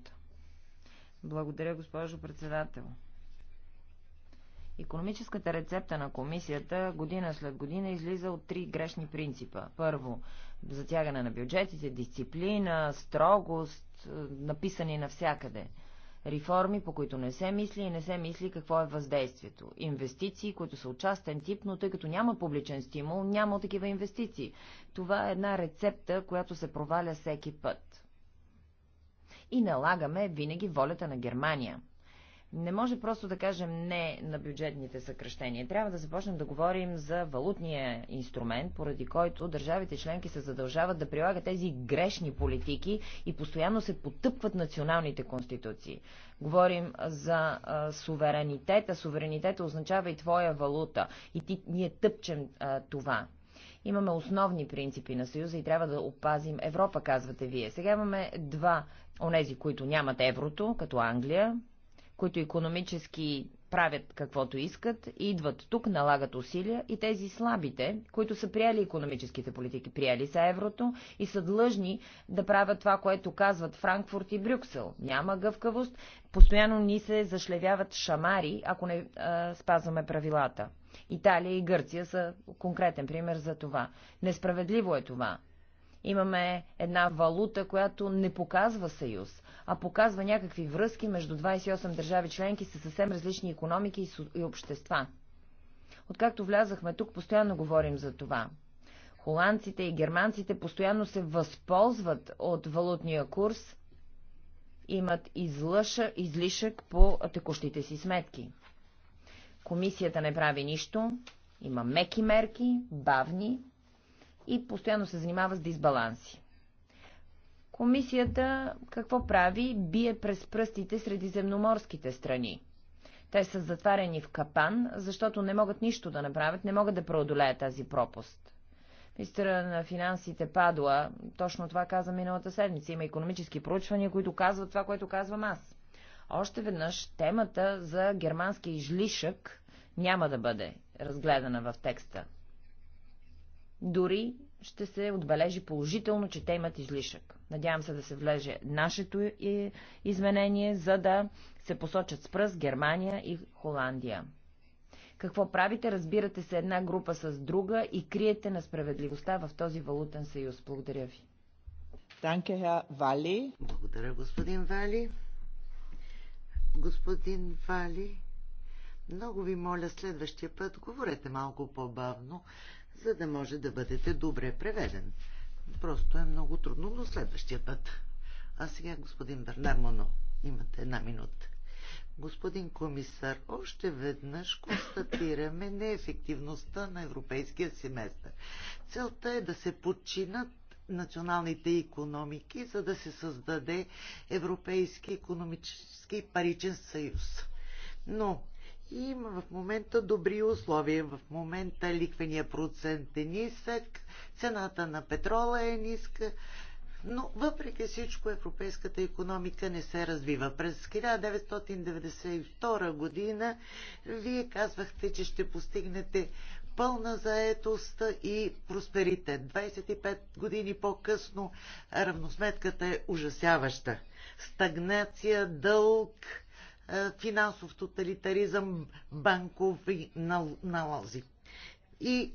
Благодаря, госпожо председател. Економическата рецепта на комисията година след година излиза от три грешни принципа. Първо, затягане на бюджетите, дисциплина, строгост, е, написани навсякъде. Реформи, по които не се мисли и не се мисли какво е въздействието. Инвестиции, които са участен тип, но тъй като няма публичен стимул, няма такива инвестиции. Това е една рецепта, която се проваля всеки път. И налагаме винаги волята на Германия – не може просто да кажем не на бюджетните съкръщения. Трябва да започнем да говорим за валутния инструмент, поради който държавите членки се задължават да прилагат тези грешни политики и постоянно се потъпват националните конституции. Говорим за а, суверенитета. Суверенитета означава и твоя валута. И ти, ние тъпчем а, това. Имаме основни принципи на Съюза и трябва да опазим Европа, казвате вие. Сега имаме два онези, които нямат еврото, като Англия, които економически правят каквото искат, идват тук, налагат усилия и тези слабите, които са приели економическите политики, приели са еврото и са длъжни да правят това, което казват Франкфурт и Брюксел. Няма гъвкавост, постоянно ни се зашлевяват шамари, ако не а, спазваме правилата. Италия и Гърция са конкретен пример за това. Несправедливо е това. Имаме една валута, която не показва съюз а показва някакви връзки между 28 държави членки с съвсем различни економики и общества. Откакто влязахме тук, постоянно говорим за това. Холандците и германците постоянно се възползват от валутния курс, имат излъша, излишък по текущите си сметки. Комисията не прави нищо, има меки мерки, бавни и постоянно се занимава с дисбаланси. Комисията какво прави? Бие през пръстите средиземноморските страни. Те са затварени в капан, защото не могат нищо да направят, не могат да преодолеят тази пропуст. Мистера на финансите Падуа точно това каза миналата седмица. Има економически проучвания, които казват това, което казвам аз. Още веднъж темата за германски излишък няма да бъде разгледана в текста. Дори ще се отбележи положително, че те имат излишък. Надявам се да се влеже нашето изменение, за да се посочат с пръст Германия и Холандия. Какво правите? Разбирате се една група с друга и криете на справедливостта в този валутен съюз. Благодаря ви. Вали. Благодаря, господин Вали. Господин Вали, много ви моля следващия път, говорете малко по-бавно, за да може да бъдете добре преведен. Просто е много трудно Но следващия път. А сега, господин Бернар Моно, имате една минута. Господин комисар, още веднъж констатираме неефективността на европейския семестър. Целта е да се подчинат националните економики, за да се създаде Европейски економически паричен съюз. Но има в момента добри условия. В момента ликвения процент е нисък, цената на петрола е ниска, но въпреки всичко европейската економика не се развива. През 1992 година вие казвахте, че ще постигнете пълна заетост и просперитет. 25 години по-късно равносметката е ужасяваща. Стагнация, дълг, е, финансов тоталитаризъм, банкови налози. И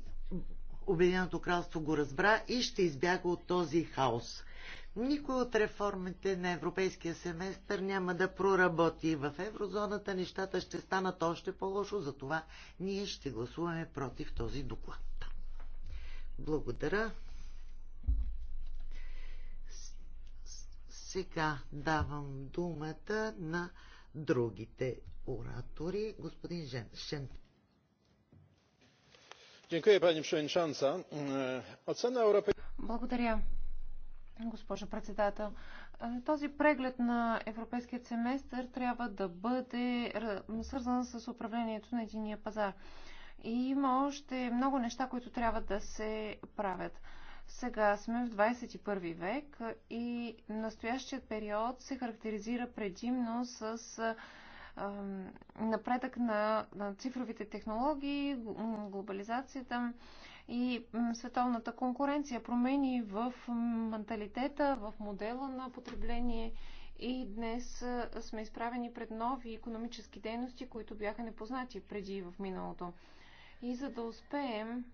Обединеното кралство го разбра и ще избяга от този хаос. Никой от реформите на европейския семестър няма да проработи. В еврозоната нещата ще станат още по-лошо, затова ние ще гласуваме против този доклад. Благодаря. Сега давам думата на другите оратори. Господин Жен, Шен. Благодаря, госпожо председател. Този преглед на европейския семестър трябва да бъде свързан с управлението на единия пазар. И има още много неща, които трябва да се правят. Сега сме в 21 век и настоящият период се характеризира предимно с напредък на, на цифровите технологии, глобализацията и световната конкуренция, промени в менталитета, в модела на потребление и днес сме изправени пред нови економически дейности, които бяха непознати преди в миналото. И за да успеем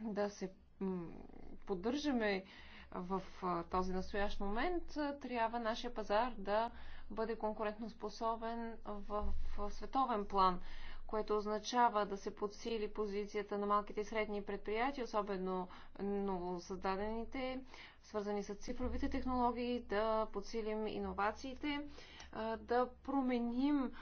да се поддържаме в този настоящ момент, трябва нашия пазар да бъде конкурентоспособен в, в световен план, което означава да се подсили позицията на малките и средни предприятия, особено новосъздадените, свързани с цифровите технологии, да подсилим иновациите, да променим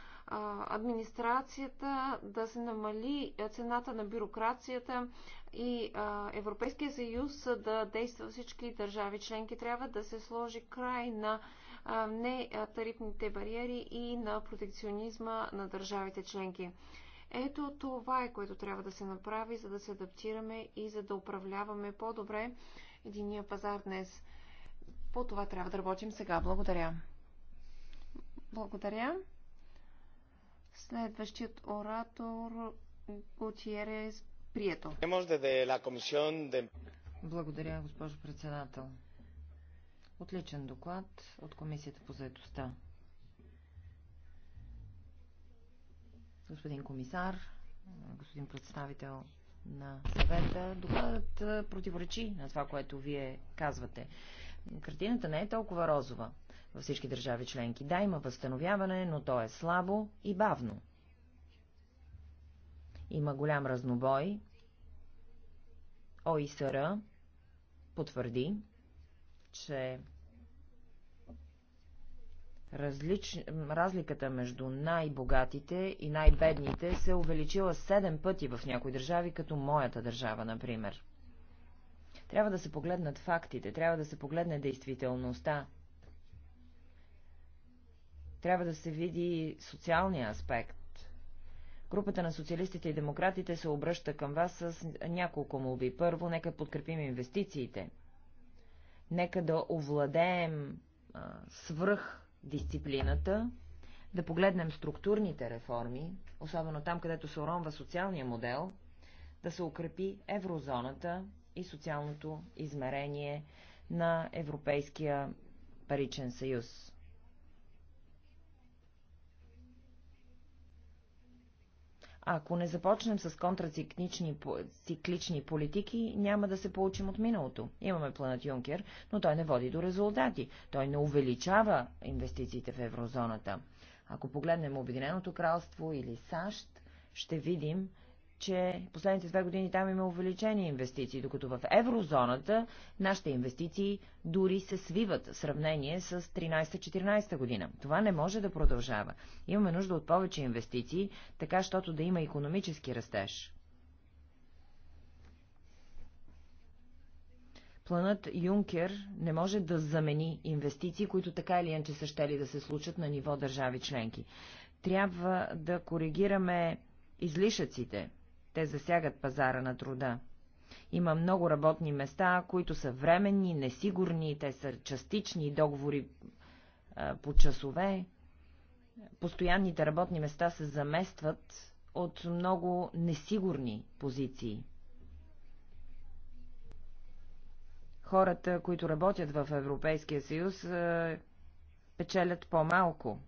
администрацията, да се намали цената на бюрокрацията и Европейския съюз да действа всички държави членки. Трябва да се сложи край на нетарифните бариери и на протекционизма на държавите членки. Ето това е, което трябва да се направи, за да се адаптираме и за да управляваме по-добре единия пазар днес. По това трябва да работим сега. Благодаря. Благодаря. Следващият оратор Гутиерес Прието. Е Благодаря, госпожо председател. Отличен доклад от Комисията по заедостта. Господин комисар, господин представител на съвета, докладът противоречи на това, което вие казвате. Картината не е толкова розова във всички държави членки. Да, има възстановяване, но то е слабо и бавно. Има голям разнобой. ОИСР потвърди, че различ... разликата между най-богатите и най-бедните се увеличила седем пъти в някои държави, като моята държава, например. Трябва да се погледнат фактите, трябва да се погледне действителността. Трябва да се види социалния аспект. Групата на социалистите и демократите се обръща към вас с няколко молби. Първо, нека подкрепим инвестициите. Нека да овладеем а, свръх дисциплината, да погледнем структурните реформи, особено там, където се уронва социалния модел, да се укрепи еврозоната и социалното измерение на Европейския паричен съюз. Ако не започнем с контрациклични циклични политики, няма да се получим от миналото. Имаме планът Юнкер, но той не води до резултати. Той не увеличава инвестициите в еврозоната. Ако погледнем Обединеното кралство или САЩ, ще видим, че последните две години там има увеличение инвестиции, докато в еврозоната нашите инвестиции дори се свиват в сравнение с 13-14 година. Това не може да продължава. Имаме нужда от повече инвестиции, така, щото да има економически растеж. Планът Юнкер не може да замени инвестиции, които така или иначе са щели да се случат на ниво държави членки. Трябва да коригираме излишъците, те засягат пазара на труда. Има много работни места, които са временни, несигурни, те са частични договори а, по часове. Постоянните работни места се заместват от много несигурни позиции. Хората, които работят в Европейския съюз, печелят по-малко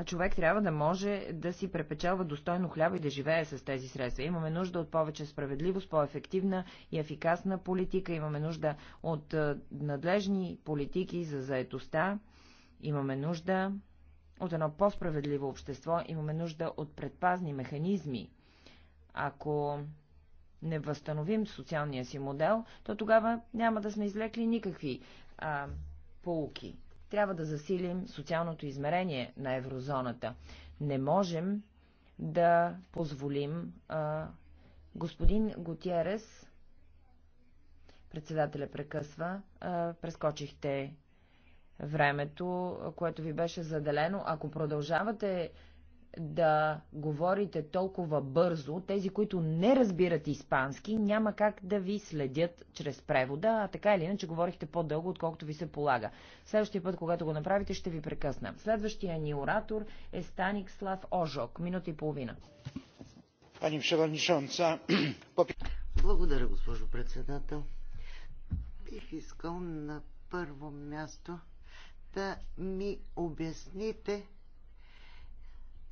а човек трябва да може да си препечелва достойно хляба и да живее с тези средства. Имаме нужда от повече справедливост, по-ефективна и ефикасна политика, имаме нужда от надлежни политики за заетостта, имаме нужда от едно по-справедливо общество, имаме нужда от предпазни механизми. Ако не възстановим социалния си модел, то тогава няма да сме излекли никакви а, полуки. Трябва да засилим социалното измерение на еврозоната. Не можем да позволим а, господин Готиерес, председателя прекъсва, а, прескочихте времето, което ви беше заделено. Ако продължавате да говорите толкова бързо, тези, които не разбират испански, няма как да ви следят чрез превода, а така или иначе говорихте по-дълго, отколкото ви се полага. Следващия път, когато го направите, ще ви прекъсна. Следващия ни оратор е Станикслав Ожок. Минута и половина. Пани Пшеванишонца. Благодаря, госпожо председател. Бих искал на първо място да ми обясните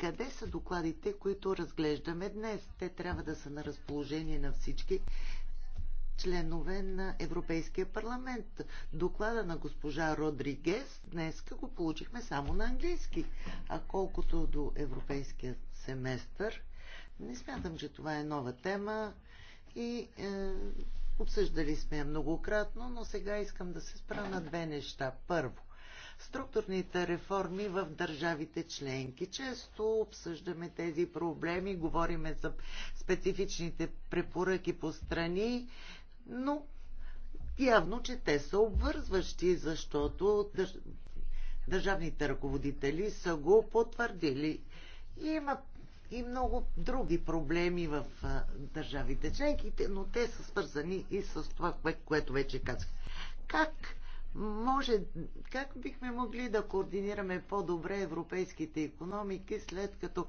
къде са докладите, които разглеждаме днес? Те трябва да са на разположение на всички членове на Европейския парламент. Доклада на госпожа Родригес днес го получихме само на английски. А колкото до Европейския семестър, не смятам, че това е нова тема и е, обсъждали сме я многократно, но сега искам да се спра на две неща. Първо, структурните реформи в държавите членки. Често обсъждаме тези проблеми, говориме за специфичните препоръки по страни, но явно, че те са обвързващи, защото държавните ръководители са го потвърдили. И има и много други проблеми в държавите членките, но те са свързани и с това, което вече казах. Как може, как бихме могли да координираме по-добре европейските економики, след като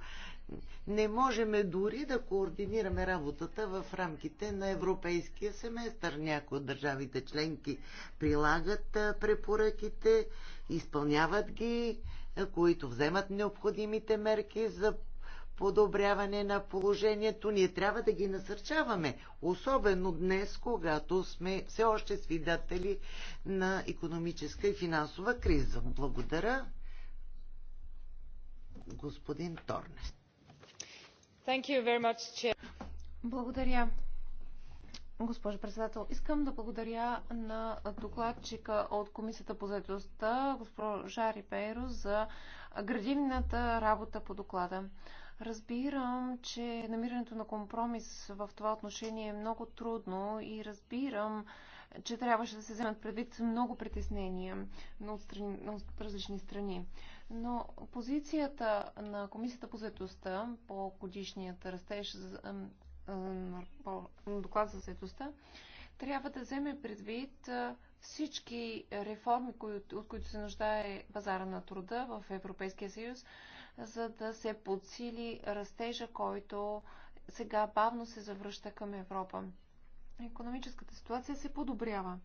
не можем дори да координираме работата в рамките на европейския семестър. Някои от държавите членки прилагат препоръките, изпълняват ги, които вземат необходимите мерки за подобряване на положението. Ние трябва да ги насърчаваме, особено днес, когато сме все още свидатели на економическа и финансова криза. Благодаря, господин very Much, Благодаря, Госпожо председател, искам да благодаря на докладчика от Комисията по заедостта, госпожа Рипейро, за градивната работа по доклада. Разбирам, че намирането на компромис в това отношение е много трудно и разбирам, че трябваше да се вземат предвид много притеснения от, от различни страни. Но позицията на Комисията по заедостта по годишният растеж по доклад за заедостта трябва да вземе предвид всички реформи, от които се нуждае пазара на труда в Европейския съюз, за да се подсили растежа, който сега бавно се завръща към Европа. Економическата ситуация се подобрява.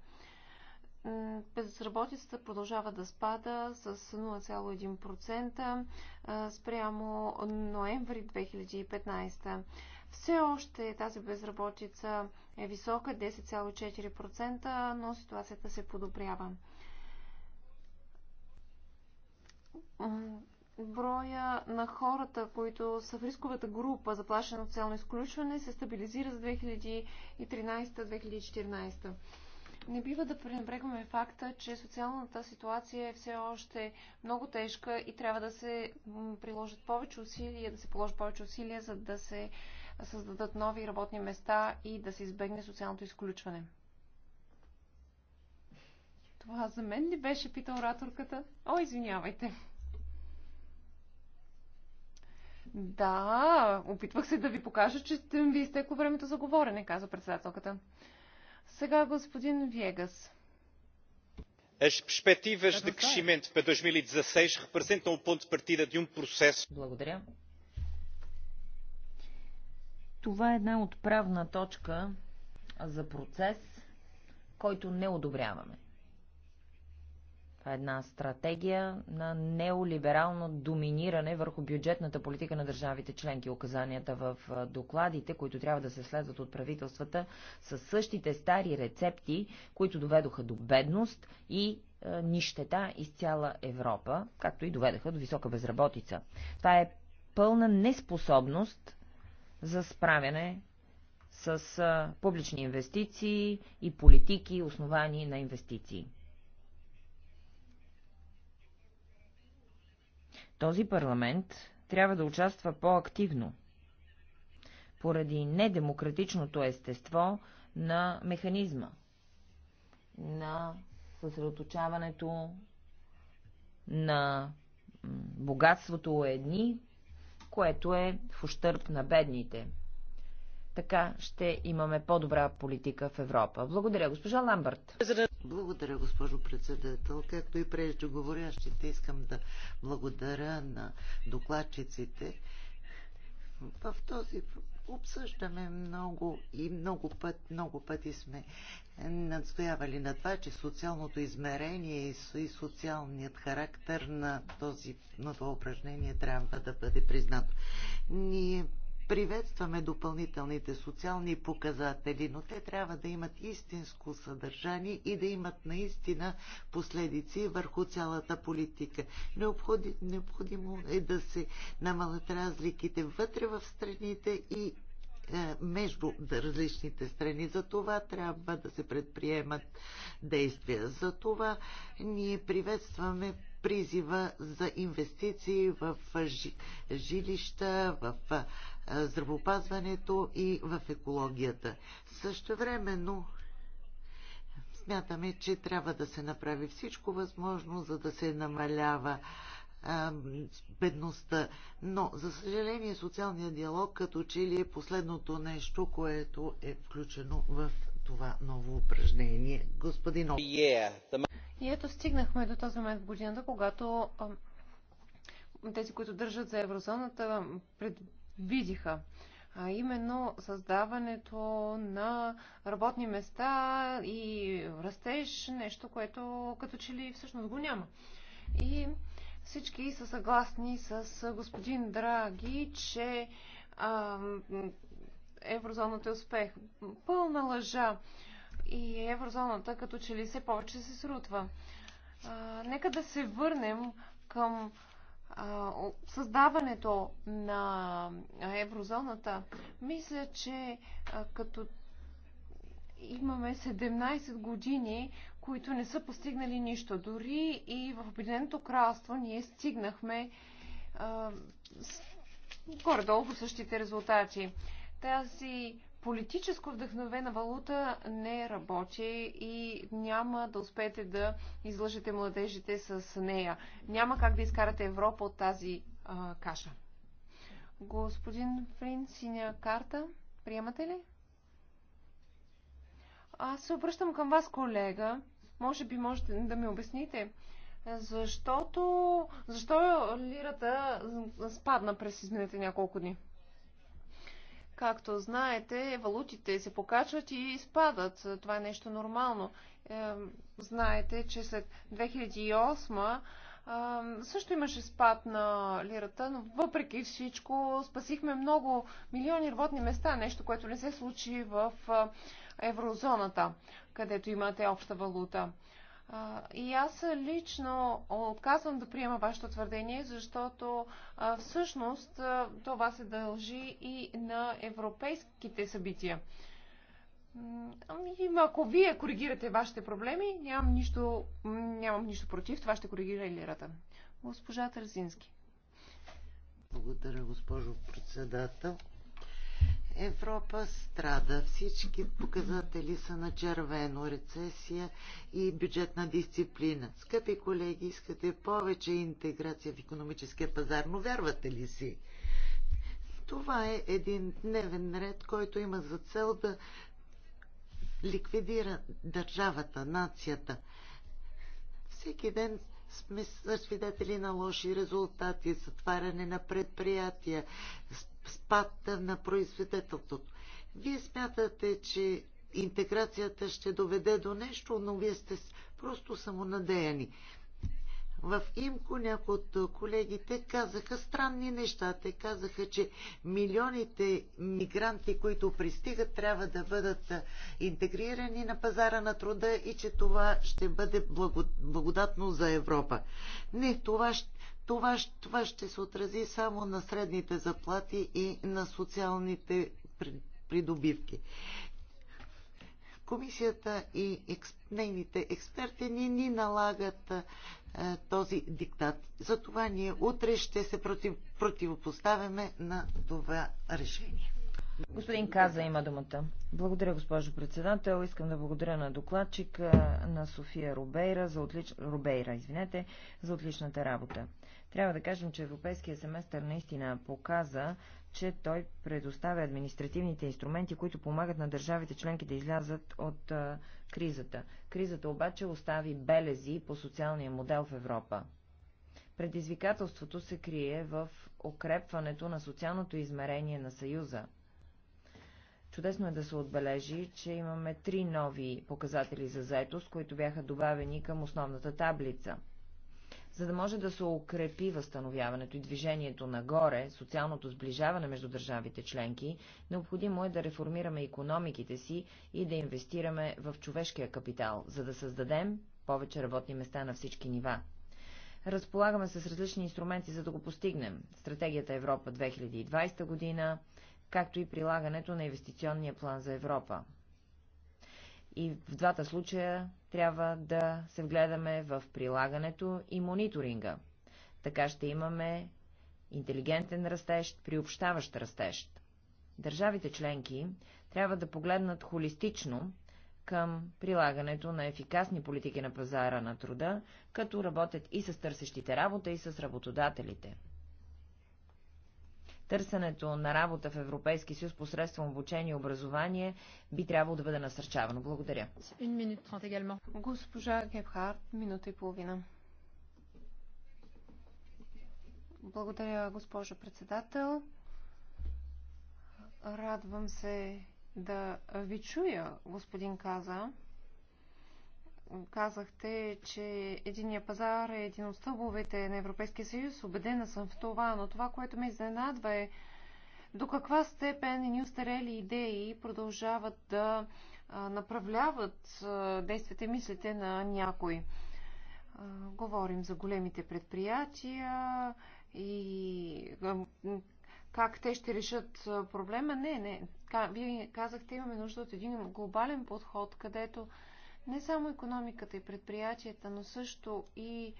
Безработицата продължава да спада с 0,1% спрямо ноември 2015. Все още тази безработица е висока 10,4%, но ситуацията се подобрява броя на хората, които са в рисковата група, заплашена от социално изключване, се стабилизира за 2013-2014. Не бива да пренебрегваме факта, че социалната ситуация е все още много тежка и трябва да се приложат повече усилия, да се положат повече усилия, за да се създадат нови работни места и да се избегне социалното изключване. Това за мен ли беше, пита ораторката? О, извинявайте. Да, опитвах се да ви покажа, че ви изтекло времето за говорене, каза председателката. Сега господин Вегас. As perspectivas de crescimento para 2016 e representam o ponto de partida de um processo. Благодаря. Това е една отправна точка за процес, който не одобряваме. Това е една стратегия на неолиберално доминиране върху бюджетната политика на държавите членки. оказанията в докладите, които трябва да се следват от правителствата, са същите стари рецепти, които доведоха до бедност и е, нищета из цяла Европа, както и доведаха до висока безработица. Това е пълна неспособност за справяне с публични инвестиции и политики, основани на инвестиции. Този парламент трябва да участва по-активно, поради недемократичното естество на механизма, на съсредоточаването на богатството едни, което е в ущърп на бедните. Така ще имаме по-добра политика в Европа. Благодаря, госпожа Ламбърт. Благодаря, госпожо председател. Както и говорящите, искам да благодаря на докладчиците. В този обсъждаме много и много, път, много пъти сме надстоявали на това, че социалното измерение и социалният характер на, този, на това упражнение трябва да бъде признато. Ние Приветстваме допълнителните социални показатели, но те трябва да имат истинско съдържание и да имат наистина последици върху цялата политика. Необходи, необходимо е да се намалят разликите вътре в страните и е, между различните страни. За това трябва да се предприемат действия. За това ние приветстваме призива за инвестиции в жилища, в здравопазването и в екологията. Също времено смятаме, че трябва да се направи всичко възможно, за да се намалява бедността. Но, за съжаление, социалният диалог като че ли е последното нещо, което е включено в това ново упражнение. Господин и ето стигнахме до този момент в годината, когато тези, които държат за еврозоната, предвидиха а именно създаването на работни места и растеж, нещо, което като че ли всъщност го няма. И всички са съгласни с господин Драги, че а, еврозоната е успех. Пълна лъжа и еврозоната като че ли все повече се срутва. А, нека да се върнем към а, създаването на еврозоната. Мисля, че а, като имаме 17 години, които не са постигнали нищо. Дори и в Обединеното кралство ние стигнахме горе-долу по същите резултати. Тази политическо вдъхновена валута не работи и няма да успеете да излъжете младежите с нея. Няма как да изкарате Европа от тази а, каша. Господин Фрин, синя карта, приемате ли? Аз се обръщам към вас, колега. Може би можете да ми обясните. Защото, защо лирата спадна през изминалите няколко дни? Както знаете, валутите се покачват и спадат. Това е нещо нормално. Е, знаете, че след 2008 е, също имаше спад на лирата, но въпреки всичко спасихме много милиони работни места, нещо, което не се случи в е, еврозоната, където имате обща валута. И аз лично отказвам да приема вашето твърдение, защото всъщност това се дължи и на европейските събития. Ами, ако вие коригирате вашите проблеми, нямам нищо, нямам нищо против, това ще коригира и лирата. Госпожа Тързински. Благодаря, госпожо председател. Европа страда. Всички показатели са на червено. Рецесия и бюджетна дисциплина. Скъпи колеги, искате повече интеграция в економическия пазар, но вярвате ли си? Това е един дневен ред, който има за цел да ликвидира държавата, нацията. Всеки ден сме свидетели на лоши резултати, затваряне на предприятия, спад на производителството. Вие смятате, че интеграцията ще доведе до нещо, но вие сте просто самонадеяни. В Имко някои от колегите казаха странни неща. Те казаха, че милионите мигранти, които пристигат, трябва да бъдат интегрирани на пазара на труда и че това ще бъде благодатно за Европа. Не, това ще това, това ще се отрази само на средните заплати и на социалните придобивки. Комисията и експ... нейните експерти ни, ни налагат е, този диктат. Затова ние утре ще се против, противопоставяме на това решение. Господин Каза има думата. Благодаря, госпожо председател. Искам да благодаря на докладчика, на София Рубейра за, отлич... Рубейра, извинете, за отличната работа. Трябва да кажем, че Европейския семестър наистина показа, че той предоставя административните инструменти, които помагат на държавите членки да излязат от кризата. Кризата обаче остави белези по социалния модел в Европа. Предизвикателството се крие в укрепването на социалното измерение на Съюза. Чудесно е да се отбележи, че имаме три нови показатели за заетост, които бяха добавени към основната таблица – за да може да се укрепи възстановяването и движението нагоре, социалното сближаване между държавите членки, необходимо е да реформираме економиките си и да инвестираме в човешкия капитал, за да създадем повече работни места на всички нива. Разполагаме с различни инструменти, за да го постигнем. Стратегията Европа 2020 година, както и прилагането на инвестиционния план за Европа. И в двата случая трябва да се вгледаме в прилагането и мониторинга. Така ще имаме интелигентен растещ, приобщаващ растещ. Държавите членки трябва да погледнат холистично към прилагането на ефикасни политики на пазара на труда, като работят и с търсещите работа, и с работодателите. Търсенето на работа в Европейски съюз посредством обучение и образование би трябвало да бъде насърчавано. Благодаря. Госпожа Гебхард, минута и половина. Благодаря, госпожо председател. Радвам се да ви чуя, господин Каза казахте, че единия пазар е един от стълбовете на Европейския съюз. Обедена съм в това, но това, което ме изненадва е до каква степен ни устарели идеи продължават да направляват действията и мислите на някой. Говорим за големите предприятия и как те ще решат проблема. Не, не. Вие казахте, имаме нужда от един глобален подход, където не само економиката и предприятията, но също и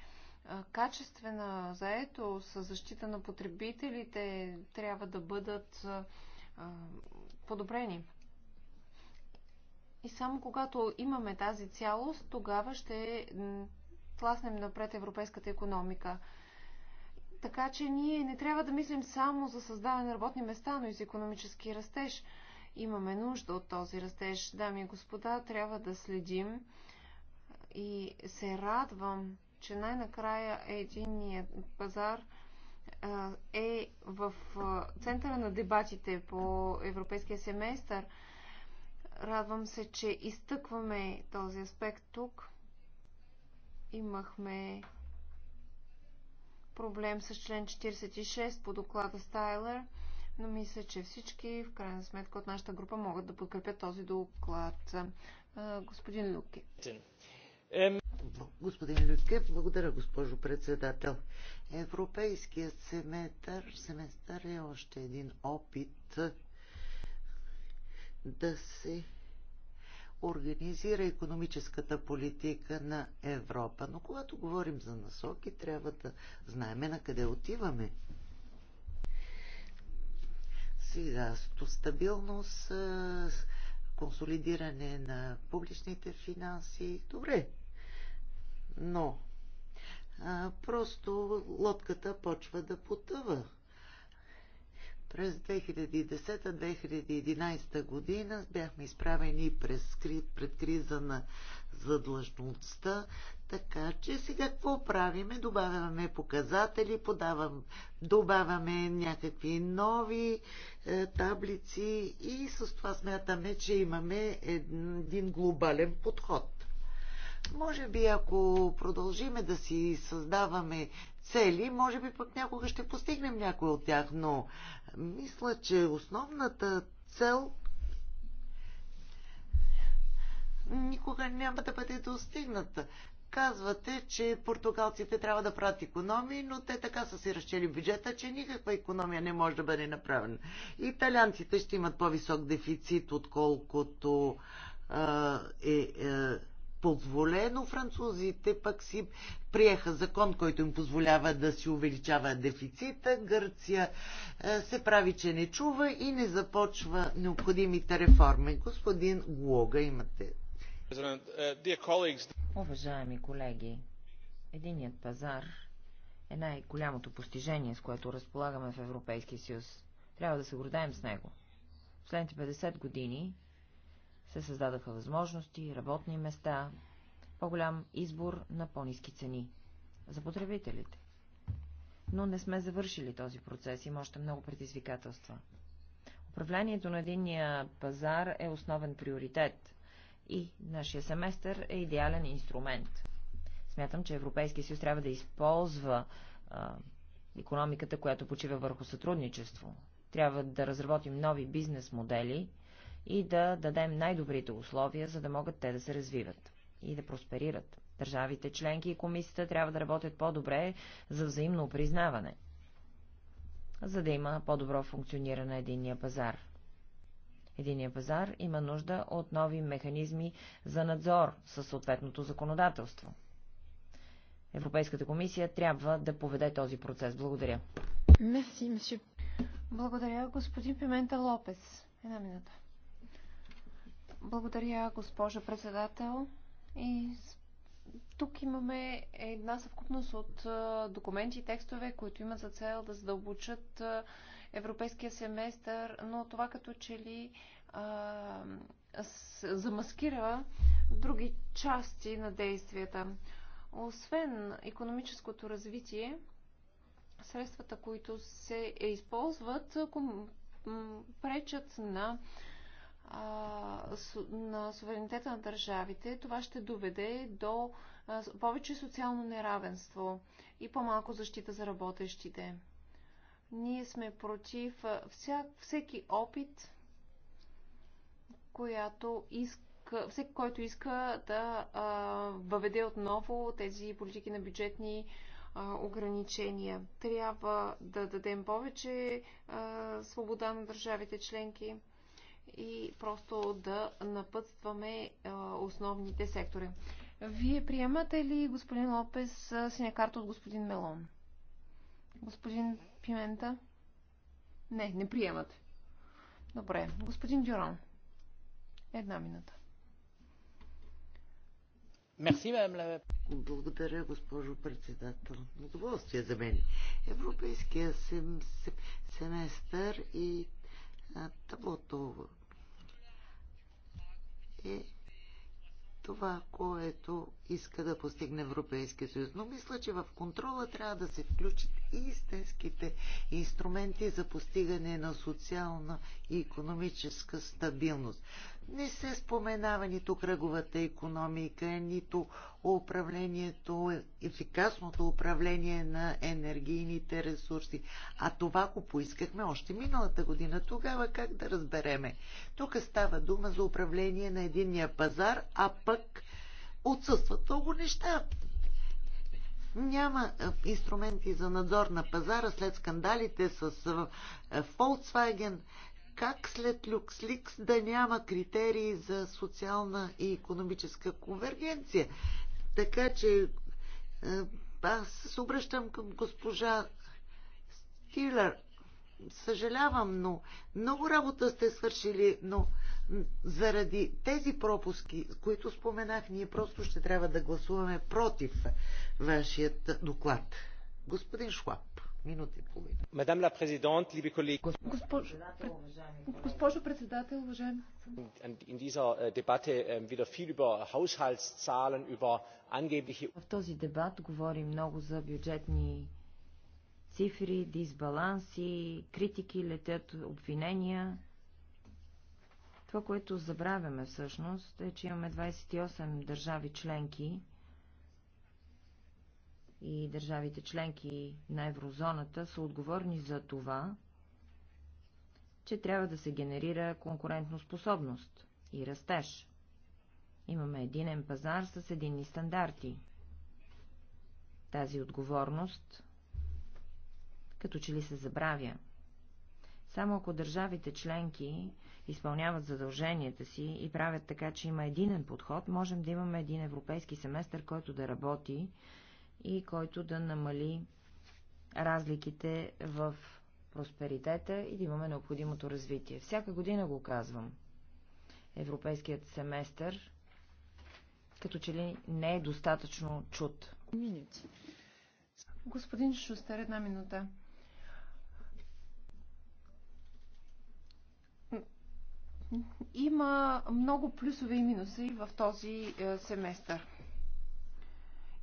качествена заето с защита на потребителите трябва да бъдат подобрени. И само когато имаме тази цялост, тогава ще тласнем напред европейската економика. Така че ние не трябва да мислим само за създаване на работни места, но и за економически растеж – Имаме нужда от този растеж. Дами и господа, трябва да следим и се радвам, че най-накрая единният пазар е в центъра на дебатите по европейския семестър. Радвам се, че изтъкваме този аспект тук. Имахме проблем с член 46 по доклада Стайлер – но мисля, че всички в крайна сметка от нашата група могат да подкрепят този доклад. Господин Люки. Господин Люке, благодаря, госпожо председател. Европейският семестър, семестър е още един опит да се организира економическата политика на Европа. Но когато говорим за насоки, трябва да знаеме на къде отиваме сега стабилност, консолидиране на публичните финанси. Добре. Но а, просто лодката почва да потъва. През 2010-2011 година бяхме изправени през, пред криза на задлъжността, така че сега какво правиме? Добавяме показатели, подавам, добавяме някакви нови е, таблици и с това смятаме, че имаме един глобален подход. Може би ако продължиме да си създаваме цели, може би пък някога ще постигнем някой от тях, но мисля, че основната цел никога няма да бъде достигната. Казвате, че португалците трябва да правят економии, но те така са си разчели бюджета, че никаква економия не може да бъде направена. Италианците ще имат по-висок дефицит, отколкото е, е, позволено. Французите пък си приеха закон, който им позволява да си увеличава дефицита. Гърция е, се прави, че не чува и не започва необходимите реформи. Господин Глога, имате. Uh, Уважаеми колеги, единият пазар е най-голямото постижение, с което разполагаме в Европейския съюз. Трябва да се гордаем с него. В последните 50 години се създадаха възможности, работни места, по-голям избор на по-низки цени за потребителите. Но не сме завършили този процес, има още много предизвикателства. Управлението на единния пазар е основен приоритет и нашия семестър е идеален инструмент. Смятам, че Европейския съюз трябва да използва а, економиката, която почива върху сътрудничество. Трябва да разработим нови бизнес модели, и да дадем най-добрите условия, за да могат те да се развиват и да просперират. Държавите членки и комисията трябва да работят по-добре за взаимно признаване, за да има по-добро функциониране на единния пазар. Единия пазар има нужда от нови механизми за надзор със съответното законодателство. Европейската комисия трябва да поведе този процес. Благодаря. Благодаря, господин Пимента Лопес. Една минута. Благодаря, госпожа председател. И тук имаме една съвкупност от документи и текстове, които имат за цел да задълбочат европейския семестър, но това като че ли а, замаскира други части на действията. Освен економическото развитие, средствата, които се е използват, пречат на на суверенитета на държавите, това ще доведе до повече социално неравенство и по-малко защита за работещите. Ние сме против вся, всеки опит, която иска, всеки, който иска да а, въведе отново тези политики на бюджетни а, ограничения. Трябва да дадем повече а, свобода на държавите членки и просто да напътстваме основните сектори. Вие приемате ли, господин Лопес, синя карта от господин Мелон? Господин Пимента? Не, не приемате. Добре. Господин Дюран. Една минута. Мерси, Благодаря, госпожо председател. Удоволствие за мен. Европейския семестър и таблото е това, което иска да постигне Европейския съюз. Но мисля, че в контрола трябва да се включат и истинските инструменти за постигане на социална и економическа стабилност. Не се споменава нито кръговата економика, нито управлението, ефикасното управление на енергийните ресурси. А това го поискахме още миналата година. Тогава как да разбереме? Тук става дума за управление на единния пазар, а пък отсъстват много неща. Няма инструменти за надзор на пазара след скандалите с Volkswagen как след Люксликс да няма критерии за социална и економическа конвергенция. Така че е, аз се обръщам към госпожа Стилер. Съжалявам, но много работа сте свършили, но заради тези пропуски, които споменах, ние просто ще трябва да гласуваме против вашият доклад. Господин Шлап минута и половина. Мадам ла президент, либи колеги... Госпожо, председател, уважаеми... In dieser äh, Debatte ähm, wieder viel über Haushaltszahlen, über angebliche... В този дебат говорим много за бюджетни цифри, дисбаланси, критики летят, обвинения. Това, което забравяме всъщност, е, че имаме 28 държави членки, и държавите членки на еврозоната са отговорни за това, че трябва да се генерира конкурентноспособност и растеж. Имаме единен пазар с единни стандарти. Тази отговорност като че ли се забравя. Само ако държавите членки изпълняват задълженията си и правят така, че има единен подход, можем да имаме един европейски семестър, който да работи и който да намали разликите в просперитета и да имаме необходимото развитие. Всяка година го казвам. Европейският семестър като че ли не е достатъчно чут. Минути. Господин Шустер, една минута. Има много плюсове и минуси в този е, семестър.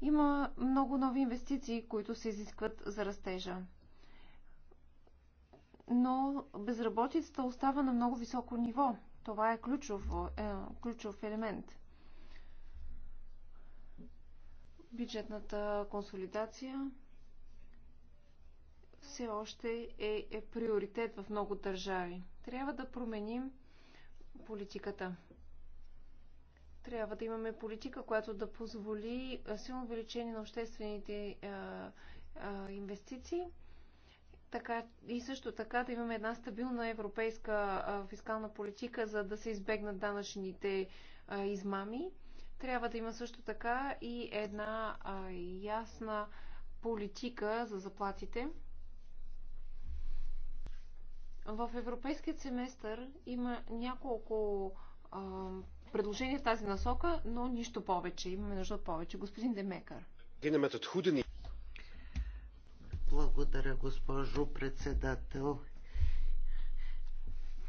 Има много нови инвестиции, които се изискват за растежа. Но безработицата остава на много високо ниво. Това е ключов, е, ключов елемент. Бюджетната консолидация все още е, е приоритет в много държави. Трябва да променим политиката. Трябва да имаме политика, която да позволи силно увеличение на обществените инвестиции така, и също така да имаме една стабилна европейска а, фискална политика, за да се избегнат данъчните а, измами. Трябва да има също така и една а, ясна политика за заплатите. В европейският семестър има няколко предложение в тази насока, но нищо повече. Имаме нужда от повече. Господин Демекър. Благодаря, госпожо председател.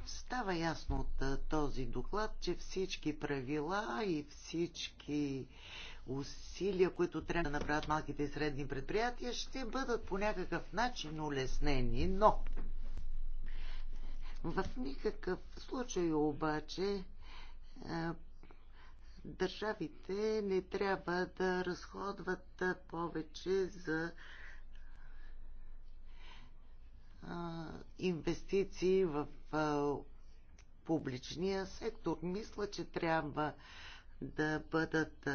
Става ясно от този доклад, че всички правила и всички усилия, които трябва да направят малките и средни предприятия, ще бъдат по някакъв начин улеснени, но в никакъв случай обаче държавите не трябва да разходват повече за инвестиции в публичния сектор. Мисля, че трябва да бъдат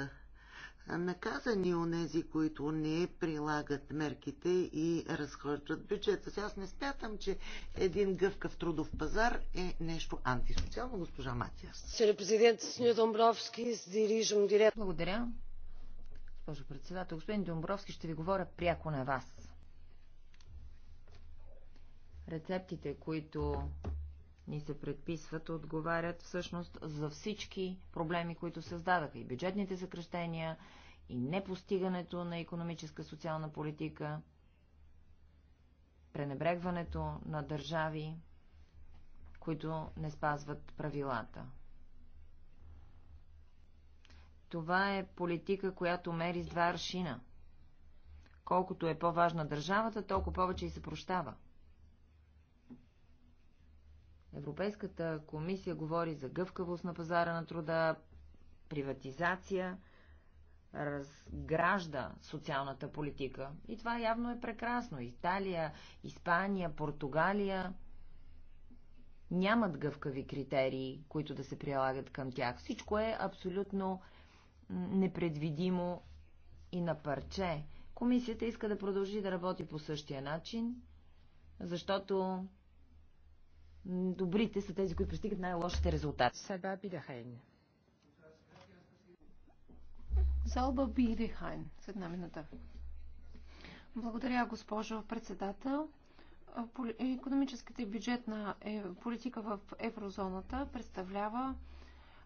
наказани онези, които не прилагат мерките и разхвърчат бюджета. аз не смятам, че един гъвкав трудов пазар е нещо антисоциално, госпожа Матиас. Благодаря. Госпожо председател, господин Домбровски, ще ви говоря пряко на вас. Рецептите, които ни се предписват, отговарят всъщност за всички проблеми, които създадаха и бюджетните съкрещения, и непостигането на економическа социална политика, пренебрегването на държави, които не спазват правилата. Това е политика, която мери с два аршина. Колкото е по-важна държавата, толкова повече и се прощава. Европейската комисия говори за гъвкавост на пазара на труда, приватизация, разгражда социалната политика. И това явно е прекрасно. Италия, Испания, Португалия нямат гъвкави критерии, които да се прилагат към тях. Всичко е абсолютно непредвидимо и на парче. Комисията иска да продължи да работи по същия начин, защото добрите са тези, които постигат най-лошите резултати. Саба Бидахайн. Залба Бидахайн. С една минута. Благодаря, госпожо председател. Економическата и бюджетна е, политика в еврозоната представлява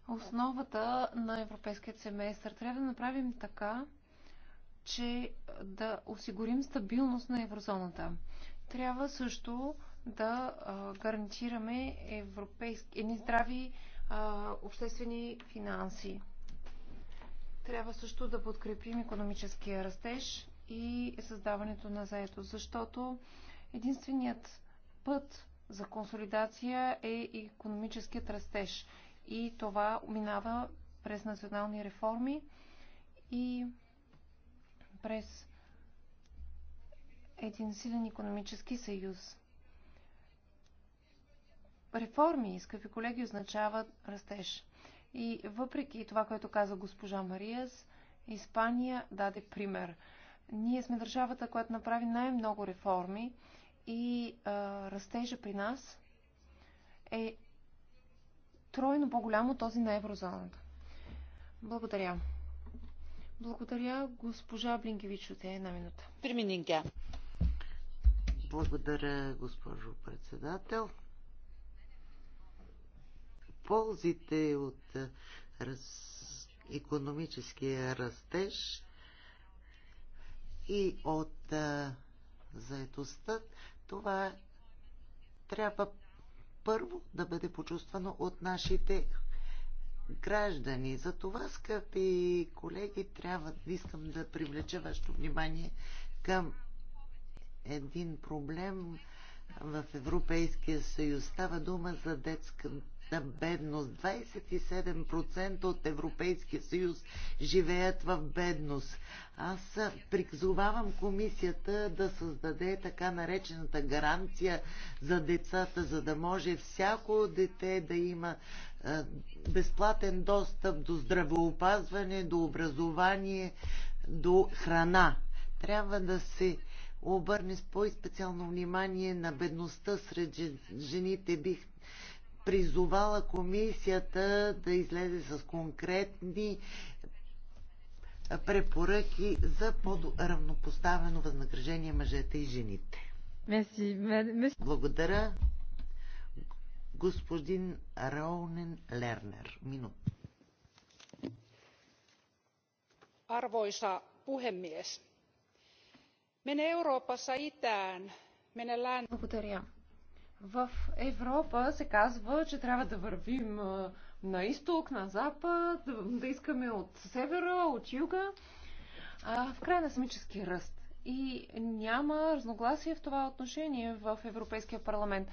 основата на европейският семестър. Трябва да направим така, че да осигурим стабилност на еврозоната. Трябва също да гарантираме европейски, едни здрави а, обществени финанси. Трябва също да подкрепим економическия растеж и създаването на заето, защото единственият път за консолидация е економическият растеж. И това минава през национални реформи и през един силен економически съюз реформи, скъпи колеги, означават растеж. И въпреки това, което каза госпожа Мариас, Испания даде пример. Ние сме държавата, която направи най-много реформи и а, растежа при нас е тройно по-голям от този на еврозоната. Благодаря. Благодаря госпожа Блинкевич от една минута. Пирмининка. Благодаря, госпожо председател ползите от раз... економическия растеж и от а, заедостта, това трябва първо да бъде почувствано от нашите граждани. За това, скъпи колеги, трябва, искам да привлеча вашето внимание към един проблем в Европейския съюз. Става дума за детска бедност. 27% от Европейския съюз живеят в бедност. Аз призовавам комисията да създаде така наречената гаранция за децата, за да може всяко дете да има безплатен достъп до здравеопазване, до образование, до храна. Трябва да се обърне с по-специално внимание на бедността сред жените. Бих призовала комисията да излезе с конкретни препоръки за по-равнопоставено възнаграждение мъжете и жените. Благодаря. Господин Раунен Лернер. Минут. Arvoisa puhemies. Mene Euroopassa itään, mene länteen. Благодаря, в Европа се казва, че трябва да вървим на изток, на запад, да искаме от севера, от юга, а в край на смически ръст. И няма разногласие в това отношение в Европейския парламент.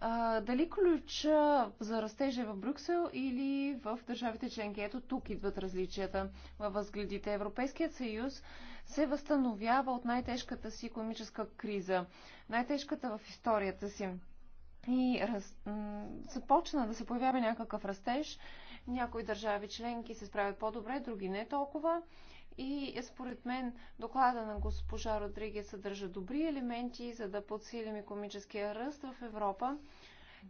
А, дали ключа за растежа е в Брюксел или в държавите членки? Ето тук идват различията във възгледите. Европейският съюз се възстановява от най-тежката си економическа криза, най-тежката в историята си. И раз... започна да се появява някакъв растеж. Някои държави членки се справят по-добре, други не толкова. И според мен доклада на госпожа Родриге съдържа добри елементи, за да подсилим економическия ръст в Европа.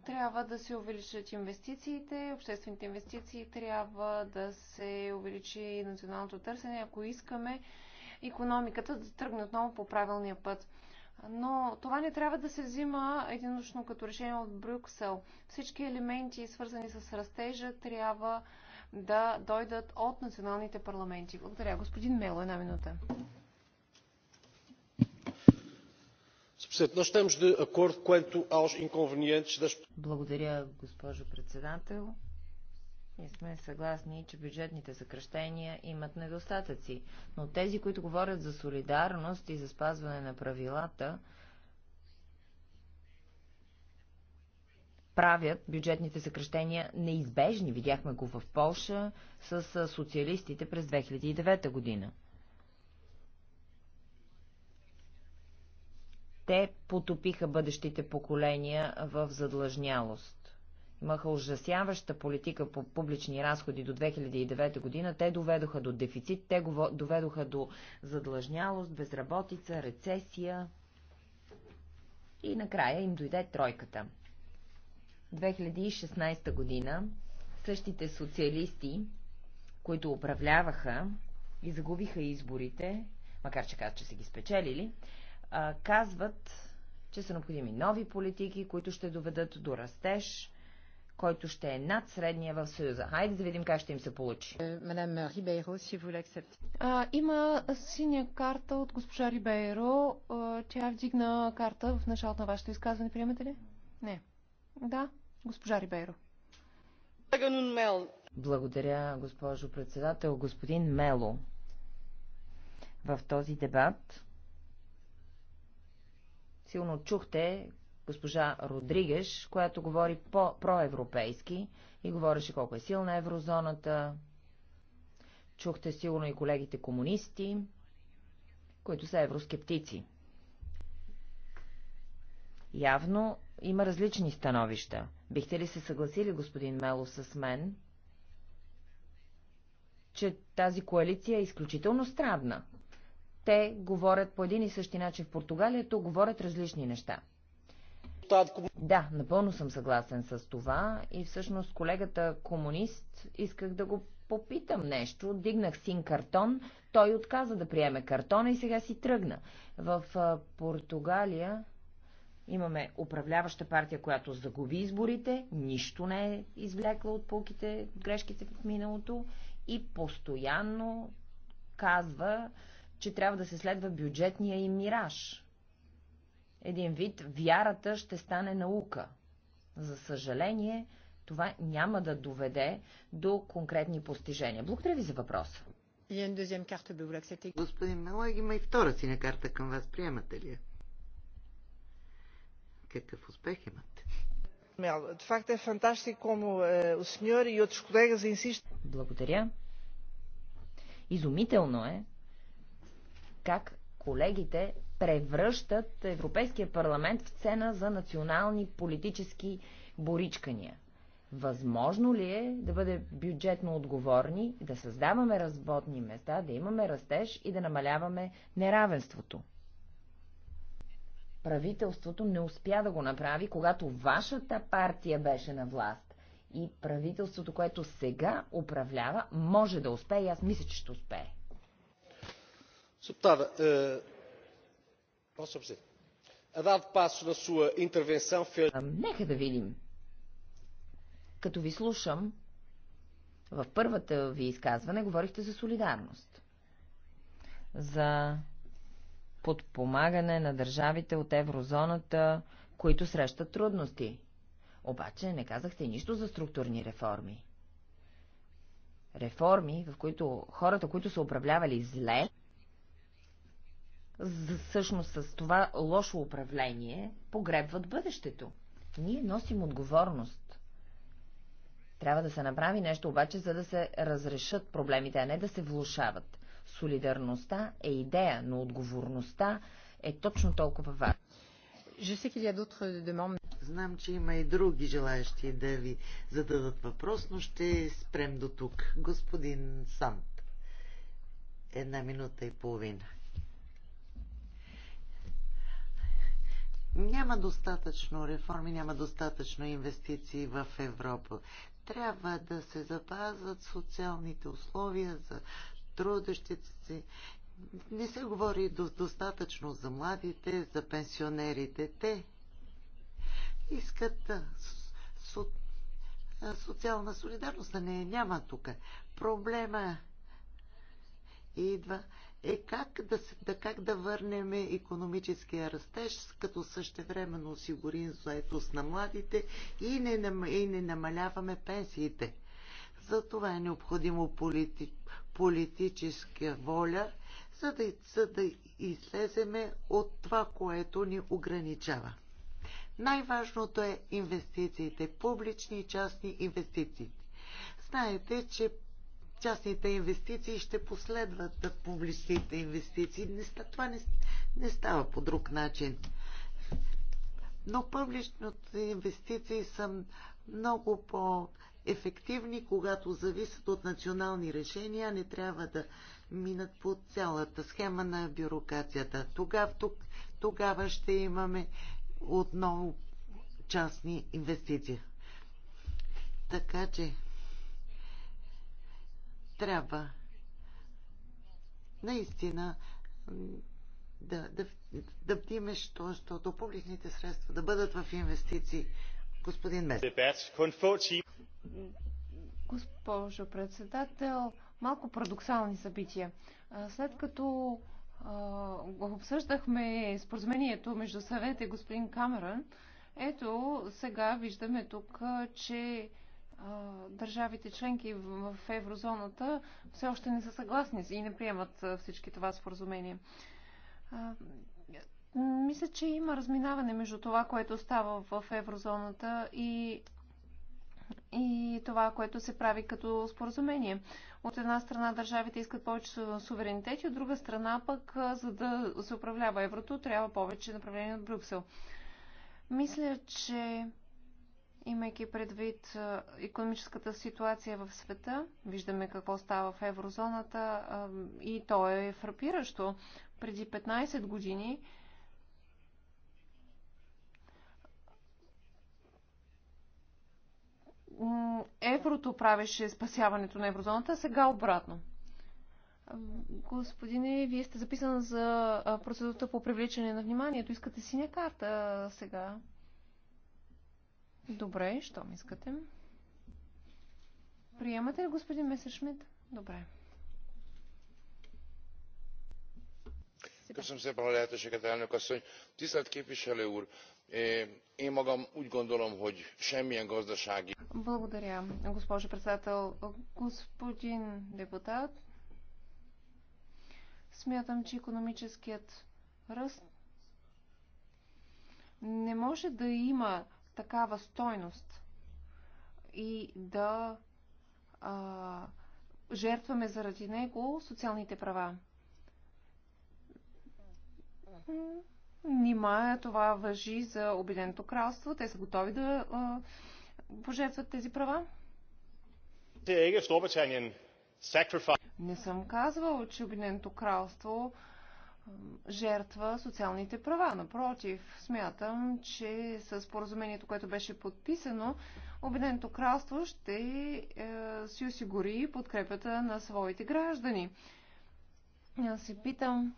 Трябва да се увеличат инвестициите, обществените инвестиции, трябва да се увеличи и националното търсене, ако искаме економиката да тръгне отново по правилния път. Но това не трябва да се взима единочно като решение от Брюксел. Всички елементи, свързани с растежа, трябва да дойдат от националните парламенти. Благодаря. Господин Мело, една минута. Благодаря, госпожо председател. Ние сме съгласни, че бюджетните съкръщения имат недостатъци, но тези, които говорят за солидарност и за спазване на правилата, правят бюджетните съкрещения неизбежни. Видяхме го в Полша с социалистите през 2009 година. Те потопиха бъдещите поколения в задлъжнялост. Имаха ужасяваща политика по публични разходи до 2009 година. Те доведоха до дефицит, те го доведоха до задлъжнялост, безработица, рецесия. И накрая им дойде тройката – 2016 година същите социалисти, които управляваха и загубиха изборите, макар че казват, че са ги спечелили, казват, че са необходими нови политики, които ще доведат до растеж, който ще е над средния в Съюза. Хайде да видим как ще им се получи. Е, мадам си Има синя карта от госпожа Рибейро. Тя вдигна карта в началото на вашето изказване. Приемате ли? Не. Да, госпожа Рибейро. Благодаря, госпожо председател. Господин Мело, в този дебат силно чухте госпожа Родригеш, която говори по-проевропейски и говореше колко е силна еврозоната. Чухте сигурно и колегите комунисти, които са евроскептици. Явно има различни становища. Бихте ли се съгласили, господин Мело, с мен, че тази коалиция е изключително странна? Те говорят по един и същи начин в Португалия, то говорят различни неща. Да, напълно съм съгласен с това и всъщност колегата комунист исках да го попитам нещо, дигнах син картон, той отказа да приеме картона и сега си тръгна. В Португалия Имаме управляваща партия, която загуби изборите, нищо не е извлекла от полките, от грешките в миналото и постоянно казва, че трябва да се следва бюджетния им мираж. Един вид вярата ще стане наука. За съжаление, това няма да доведе до конкретни постижения. Благодаря ви за въпроса. Господин Мелаг, има и втора на карта към вас. Приемате ли я? какъв успех имате. Е е, e Благодаря. Изумително е как колегите превръщат Европейския парламент в цена за национални политически боричкания. Възможно ли е да бъде бюджетно отговорни, да създаваме разботни места, да имаме растеж и да намаляваме неравенството? правителството не успя да го направи, когато вашата партия беше на власт. И правителството, което сега управлява, може да успее и аз мисля, че ще успее. Deputada, posso dizer, a dado passos na sua intervenção fez... Нека да видим. Като ви слушам, в първата ви изказване говорихте за солидарност. За подпомагане на държавите от еврозоната, които срещат трудности. Обаче не казахте нищо за структурни реформи. Реформи, в които хората, които са управлявали зле, всъщност с това лошо управление погребват бъдещето. Ние носим отговорност. Трябва да се направи нещо обаче, за да се разрешат проблемите, а не да се влушават. Солидарността е идея, но отговорността е точно толкова важна. Знам, че има и други желаящи да ви зададат въпрос, но ще спрем до тук. Господин Сант, една минута и половина. Няма достатъчно реформи, няма достатъчно инвестиции в Европа. Трябва да се запазват социалните условия за трудещите се. Не се говори достатъчно за младите, за пенсионерите. Те искат со, социална солидарност, а не няма тук. Проблема идва е как да, да, как да върнем економическия растеж, като същевременно осигурим заетост на младите и не, и не намаляваме пенсиите. За това е необходимо полити, политическа воля, за да, за да излеземе от това, което ни ограничава. Най-важното е инвестициите, публични и частни инвестиции. Знаете, че частните инвестиции ще последват публичните инвестиции. Не, това не, не става по друг начин. Но публичните инвестиции са много по- ефективни, когато зависят от национални решения, не трябва да минат по цялата схема на бюрокрацията. Тогава, тук, тогава ще имаме отново частни инвестиции. Така че трябва наистина да, да, да бдиме, защото публичните средства да бъдат в инвестиции Господин Госпожо председател, малко парадоксални събития. След като обсъждахме споразумението между съвет и господин Камерън, ето сега виждаме тук, че държавите членки в еврозоната все още не са съгласни и не приемат всички това споразумение. Мисля, че има разминаване между това, което става в еврозоната и, и това, което се прави като споразумение. От една страна държавите искат повече суверенитет и от друга страна пък, за да се управлява еврото, трябва повече направление от Брюксел. Мисля, че имайки предвид економическата ситуация в света, виждаме какво става в еврозоната и то е фрапиращо. Преди 15 години еврото правеше спасяването на еврозоната, а сега обратно. Господине, вие сте записан за процедурата по привличане на вниманието. Искате синя карта сега. Добре, що ми искате? Приемате ли господин Месершмит? Добре. Köszönöm szépen a lehetőséget, elnök asszony. Tisztelt képviselő úr, Én magam úgy gondolom, hogy semmilyen gazdasági... Благодаря, госпожо председател. Господин депутат, смятам, че економическият ръст не може да има такава стойност и да а, жертваме заради него социалните права. Нима това въжи за Обединеното кралство. Те са готови да а, пожертват тези права. Er Не съм казвал, че Обединеното кралство жертва социалните права. Напротив, смятам, че с поразумението, което беше подписано, Обединеното кралство ще е, си осигури подкрепата на своите граждани. Аз се питам,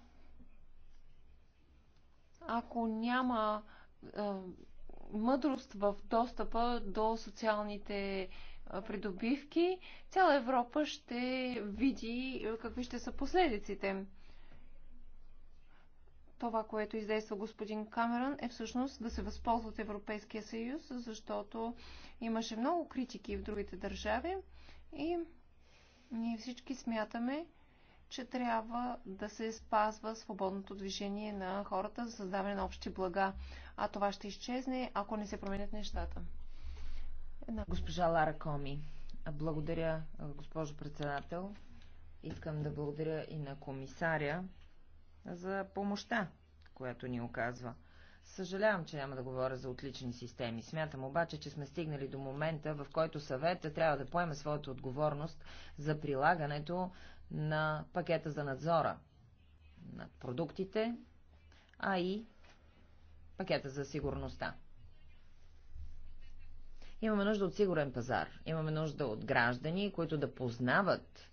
ако няма мъдрост в достъпа до социалните придобивки, цяла Европа ще види какви ще са последиците. Това, което издейства господин Камерън, е всъщност да се възползва от Европейския съюз, защото имаше много критики в другите държави и ние всички смятаме, че трябва да се спазва свободното движение на хората за създаване на общи блага. А това ще изчезне, ако не се променят нещата. Една... Госпожа Лара Коми, благодаря, госпожо председател. Искам да благодаря и на комисаря за помощта, която ни оказва. Съжалявам, че няма да говоря за отлични системи. Смятам обаче, че сме стигнали до момента, в който съвета трябва да поеме своята отговорност за прилагането на пакета за надзора на продуктите, а и пакета за сигурността. Имаме нужда от сигурен пазар. Имаме нужда от граждани, които да познават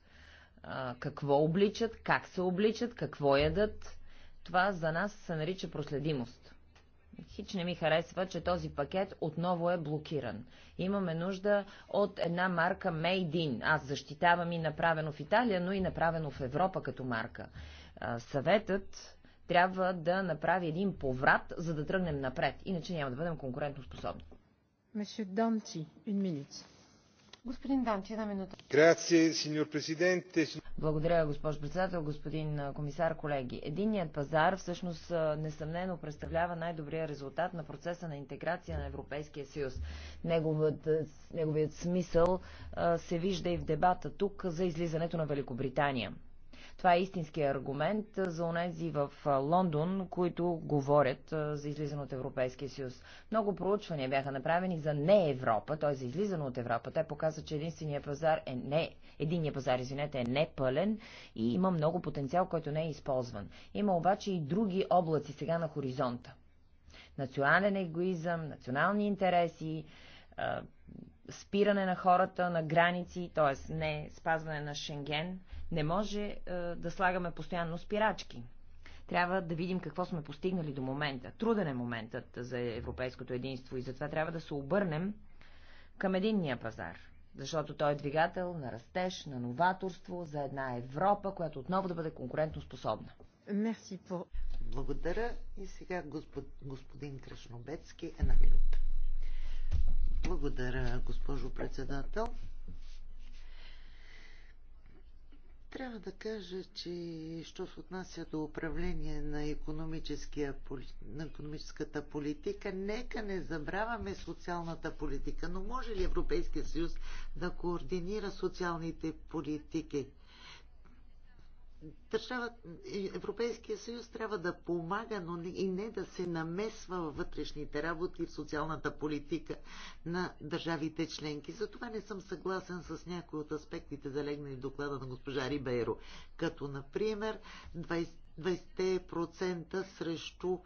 а, какво обличат, как се обличат, какво ядат. Това за нас се нарича проследимост. Хич не ми харесва, че този пакет отново е блокиран. Имаме нужда от една марка Made in. Аз защитавам и направено в Италия, но и направено в Европа като марка. Съветът трябва да направи един поврат, за да тръгнем напред. Иначе няма да бъдем конкурентоспособни. способни. Месье минута. Господин Данти, една минута. Грация, сеньор президенте. Благодаря, госпожо председател, господин комисар, колеги. Единият пазар всъщност несъмнено представлява най-добрия резултат на процеса на интеграция на Европейския съюз. Неговият, неговият смисъл се вижда и в дебата тук за излизането на Великобритания. Това е истински аргумент за онези в Лондон, които говорят за излизане от Европейския съюз. Много проучвания бяха направени за не Европа, т.е. за излизане от Европа. Те показват, че единственият пазар е не, единия пазар, извинете, е непълен и има много потенциал, който не е използван. Има обаче и други облаци сега на хоризонта. Национален егоизъм, национални интереси, спиране на хората, на граници, т.е. не спазване на Шенген, не може е, да слагаме постоянно спирачки. Трябва да видим какво сме постигнали до момента. Труден е моментът за европейското единство и затова трябва да се обърнем към единния пазар. Защото той е двигател на растеж, на новаторство, за една Европа, която отново да бъде конкурентоспособна. Благодаря и сега господин Крашнобецки една минута. Благодаря, госпожо председател. Трябва да кажа, че що се отнася до управление на, на економическата политика, нека не забравяме социалната политика. Но може ли Европейския съюз да координира социалните политики? държава, Европейския съюз трябва да помага, но и не да се намесва във вътрешните работи в социалната политика на държавите членки. Затова не съм съгласен с някои от аспектите, залегнали в доклада на госпожа Рибейро, като например 20%, срещу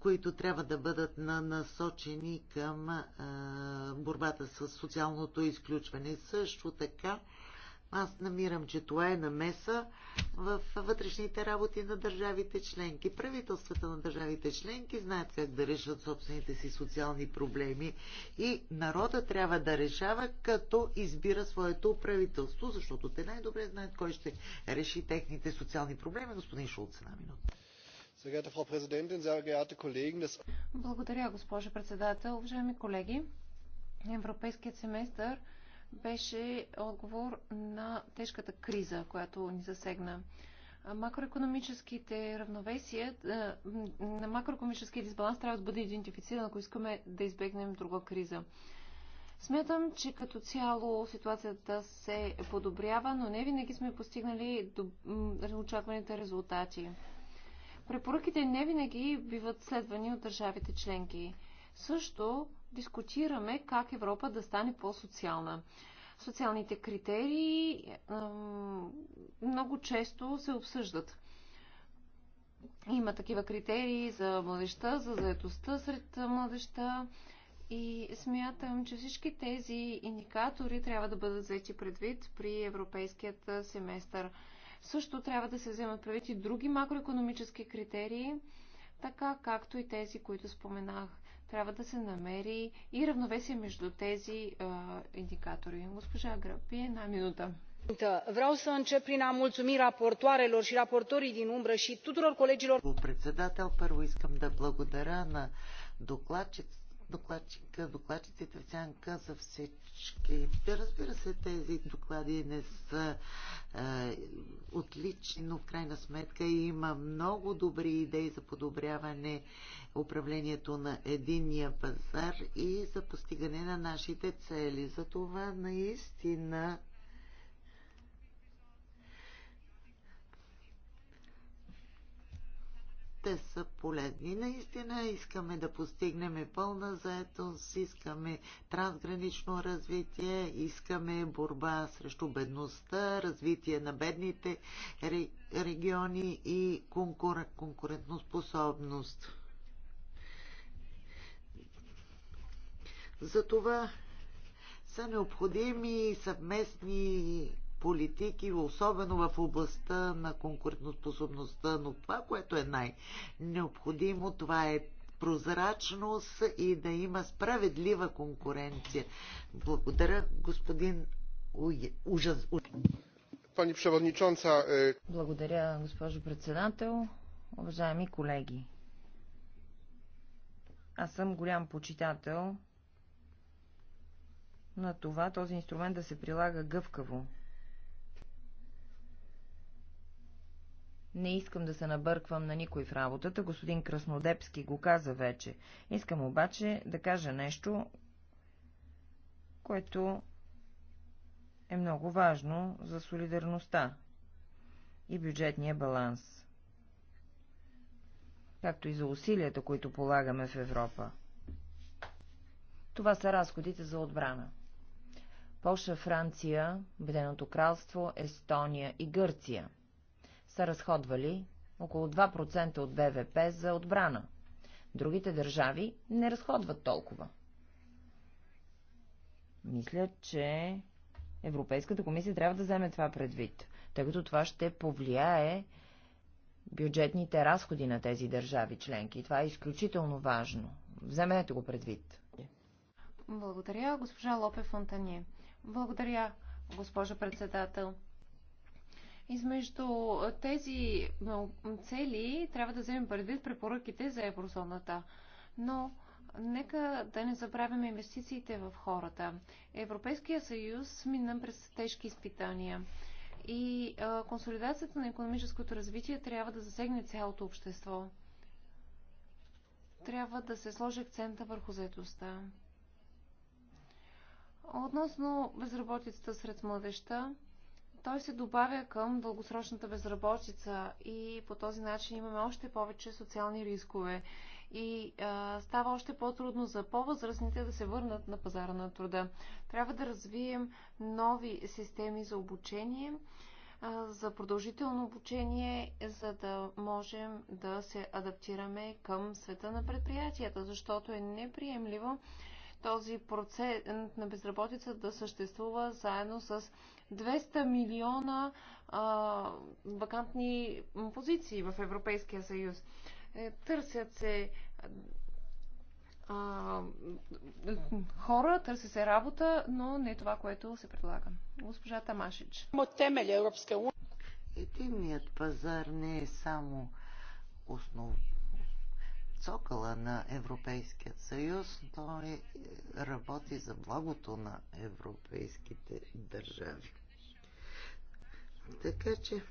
които трябва да бъдат на, насочени към а, борбата с социалното изключване. Също така аз намирам, че това е намеса в вътрешните работи на държавите членки. Правителствата на държавите членки знаят как да решат собствените си социални проблеми и народа трябва да решава като избира своето правителство, защото те най-добре знаят кой ще реши техните социални проблеми. Господин Шулц, една минута. Благодаря, госпожо председател. Уважаеми колеги, Европейският семестър беше отговор на тежката криза, която ни засегна. Макроекономическите равновесия, на макроекономическия дисбаланс трябва да бъде идентифициран, ако искаме да избегнем друга криза. Смятам, че като цяло ситуацията се подобрява, но не винаги сме постигнали очакваните резултати. Препоръките не винаги биват следвани от държавите членки. Също дискутираме как Европа да стане по-социална. Социалните критерии много често се обсъждат. Има такива критерии за младеща, за заедостта сред младеща и смятам, че всички тези индикатори трябва да бъдат взети предвид при европейският семестър. Също трябва да се вземат предвид и други макроекономически критерии, така както и тези, които споменах. Трябва да се намери и равновесие между тези а, индикатори. Госпожа Грапи, една минута. Vreau să încep prin a mulțumi raportoarelor și raportorii din umbră și tuturor colegilor. Cu Председател, първо искам да благодаря на докладчиците докладчика, докладчиците в сянка за всички. Разбира се, тези доклади не са е, отлични, но в крайна сметка има много добри идеи за подобряване управлението на единния пазар и за постигане на нашите цели. За това наистина те са полезни. Наистина искаме да постигнем пълна заетост, искаме трансгранично развитие, искаме борба срещу бедността, развитие на бедните региони и конкурентоспособност. Затова са необходими съвместни политики, особено в областта на конкурентоспособността, но това, което е най-необходимо, това е прозрачност и да има справедлива конкуренция. Благодаря, господин Ужас. Пани Преводничонца. Благодаря, госпожо председател. Уважаеми колеги, аз съм голям почитател на това този инструмент да се прилага гъвкаво, Не искам да се набърквам на никой в работата, господин Краснодепски го каза вече. Искам обаче да кажа нещо, което е много важно за солидарността и бюджетния баланс, както и за усилията, които полагаме в Европа. Това са разходите за отбрана. Полша, Франция, Обеденото кралство, Естония и Гърция – са разходвали около 2% от БВП за отбрана. Другите държави не разходват толкова. Мисля, че Европейската комисия трябва да вземе това предвид, тъй като това ще повлияе бюджетните разходи на тези държави членки. Това е изключително важно. Вземете го предвид. Благодаря, госпожа Лопе Фонтане. Благодаря, госпожа председател. Измежду тези цели трябва да вземем предвид препоръките за еврозоната. Но нека да не забравяме инвестициите в хората. Европейския съюз мина през тежки изпитания. И консолидацията на економическото развитие трябва да засегне цялото общество. Трябва да се сложи акцента върху заедостта. Относно безработицата сред младеща, той се добавя към дългосрочната безработица и по този начин имаме още повече социални рискове и а, става още по-трудно за по-възрастните да се върнат на пазара на труда. Трябва да развием нови системи за обучение, а, за продължително обучение, за да можем да се адаптираме към света на предприятията, защото е неприемливо този процент на безработица да съществува заедно с 200 милиона а, вакантни позиции в Европейския съюз. Е, търсят се а, хора, търси се работа, но не това, което се предлага. Госпожа Тамашич. Единният пазар не е само основ... цокъла на Европейският съюз, той е, работи за благото на европейските държави. Така че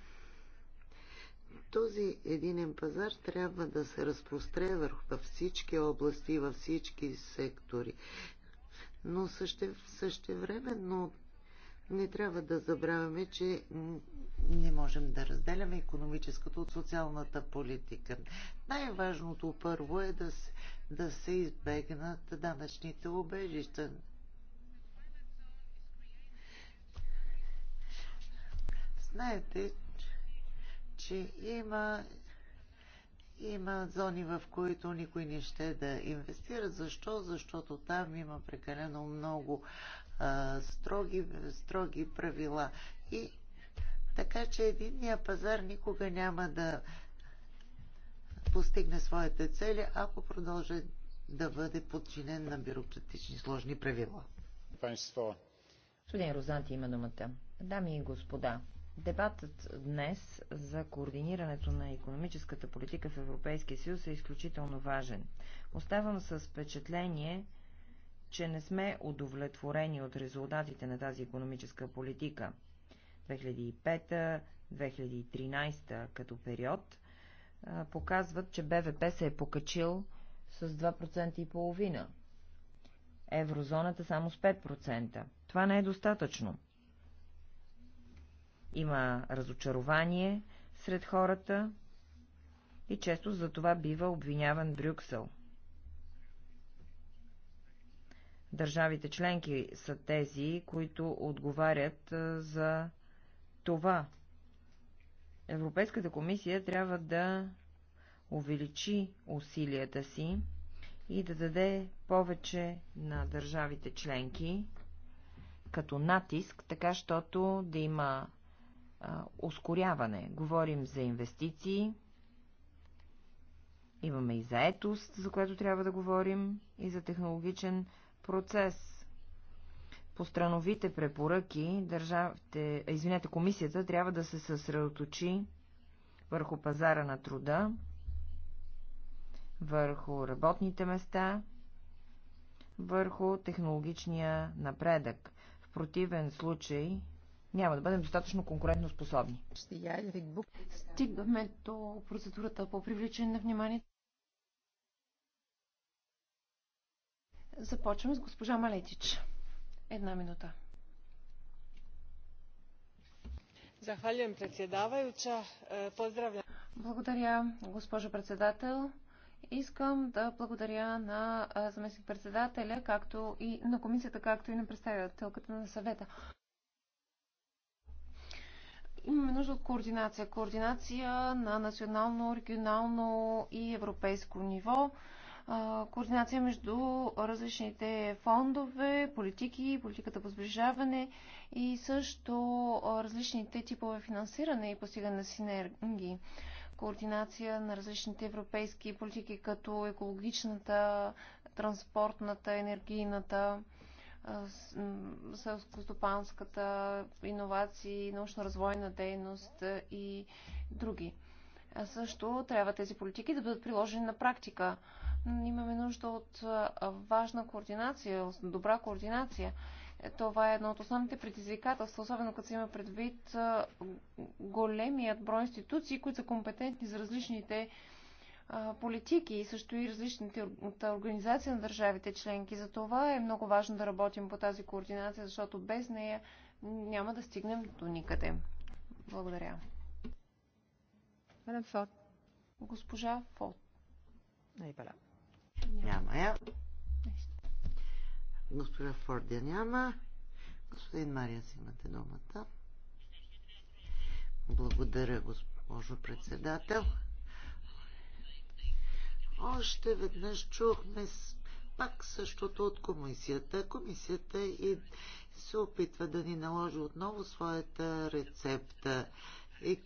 този единен пазар трябва да се разпростре върху всички области, във всички сектори. Но също, но не трябва да забравяме, че не можем да разделяме економическата от социалната политика. Най-важното първо е да се, да се избегнат данъчните убежища. Знаете, че има има зони, в които никой не ще да инвестира. Защо? Защото там има прекалено много а, строги, строги правила. И така, че единния пазар никога няма да постигне своите цели, ако продължи да бъде подчинен на бюрократични сложни правила. Господин Розанти има думата. Дами и господа, Дебатът днес за координирането на економическата политика в Европейския съюз е изключително важен. Оставам с впечатление, че не сме удовлетворени от резултатите на тази економическа политика. 2005-2013 като период показват, че БВП се е покачил с 2,5%. Еврозоната само с 5%. Това не е достатъчно. Има разочарование сред хората и често за това бива обвиняван Брюксел. Държавите членки са тези, които отговарят за това. Европейската комисия трябва да увеличи усилията си и да даде повече на държавите членки като натиск, така щото да има а, ускоряване. Говорим за инвестиции, имаме и заетост, за което трябва да говорим, и за технологичен процес. По страновите препоръки държавите, извинете, комисията трябва да се съсредоточи върху пазара на труда, върху работните места, върху технологичния напредък. В противен случай няма да бъдем достатъчно конкурентно способни. Стигаме до процедурата по привличане на вниманието. Започваме с госпожа Малетич. Една минута. Захвалям председаваюча. Е, Поздравя. Благодаря, госпожо председател. Искам да благодаря на е, заместник-председателя, както и на комисията, както и на представителката на съвета. Имаме нужда от координация. Координация на национално, регионално и европейско ниво. Координация между различните фондове, политики, политиката по сближаване и също различните типове финансиране и постигане на синергии. Координация на различните европейски политики, като екологичната, транспортната, енергийната, селскостопанската иновации, научно-развойна дейност и други. А също трябва тези политики да бъдат приложени на практика. Имаме нужда от важна координация, добра координация. Е, това е едно от основните предизвикателства, особено като се има предвид големият брой институции, които са компетентни за различните политики и също и различните от организация на държавите членки. За това е много важно да работим по тази координация, защото без нея няма да стигнем до никъде. Благодаря. Госпожа Фот. Е няма я. Госпожа Форд я няма. Господин Мария, си имате думата. Благодаря, госпожо председател. Още веднъж чухме пак същото от комисията. Комисията и се опитва да ни наложи отново своята рецепта. И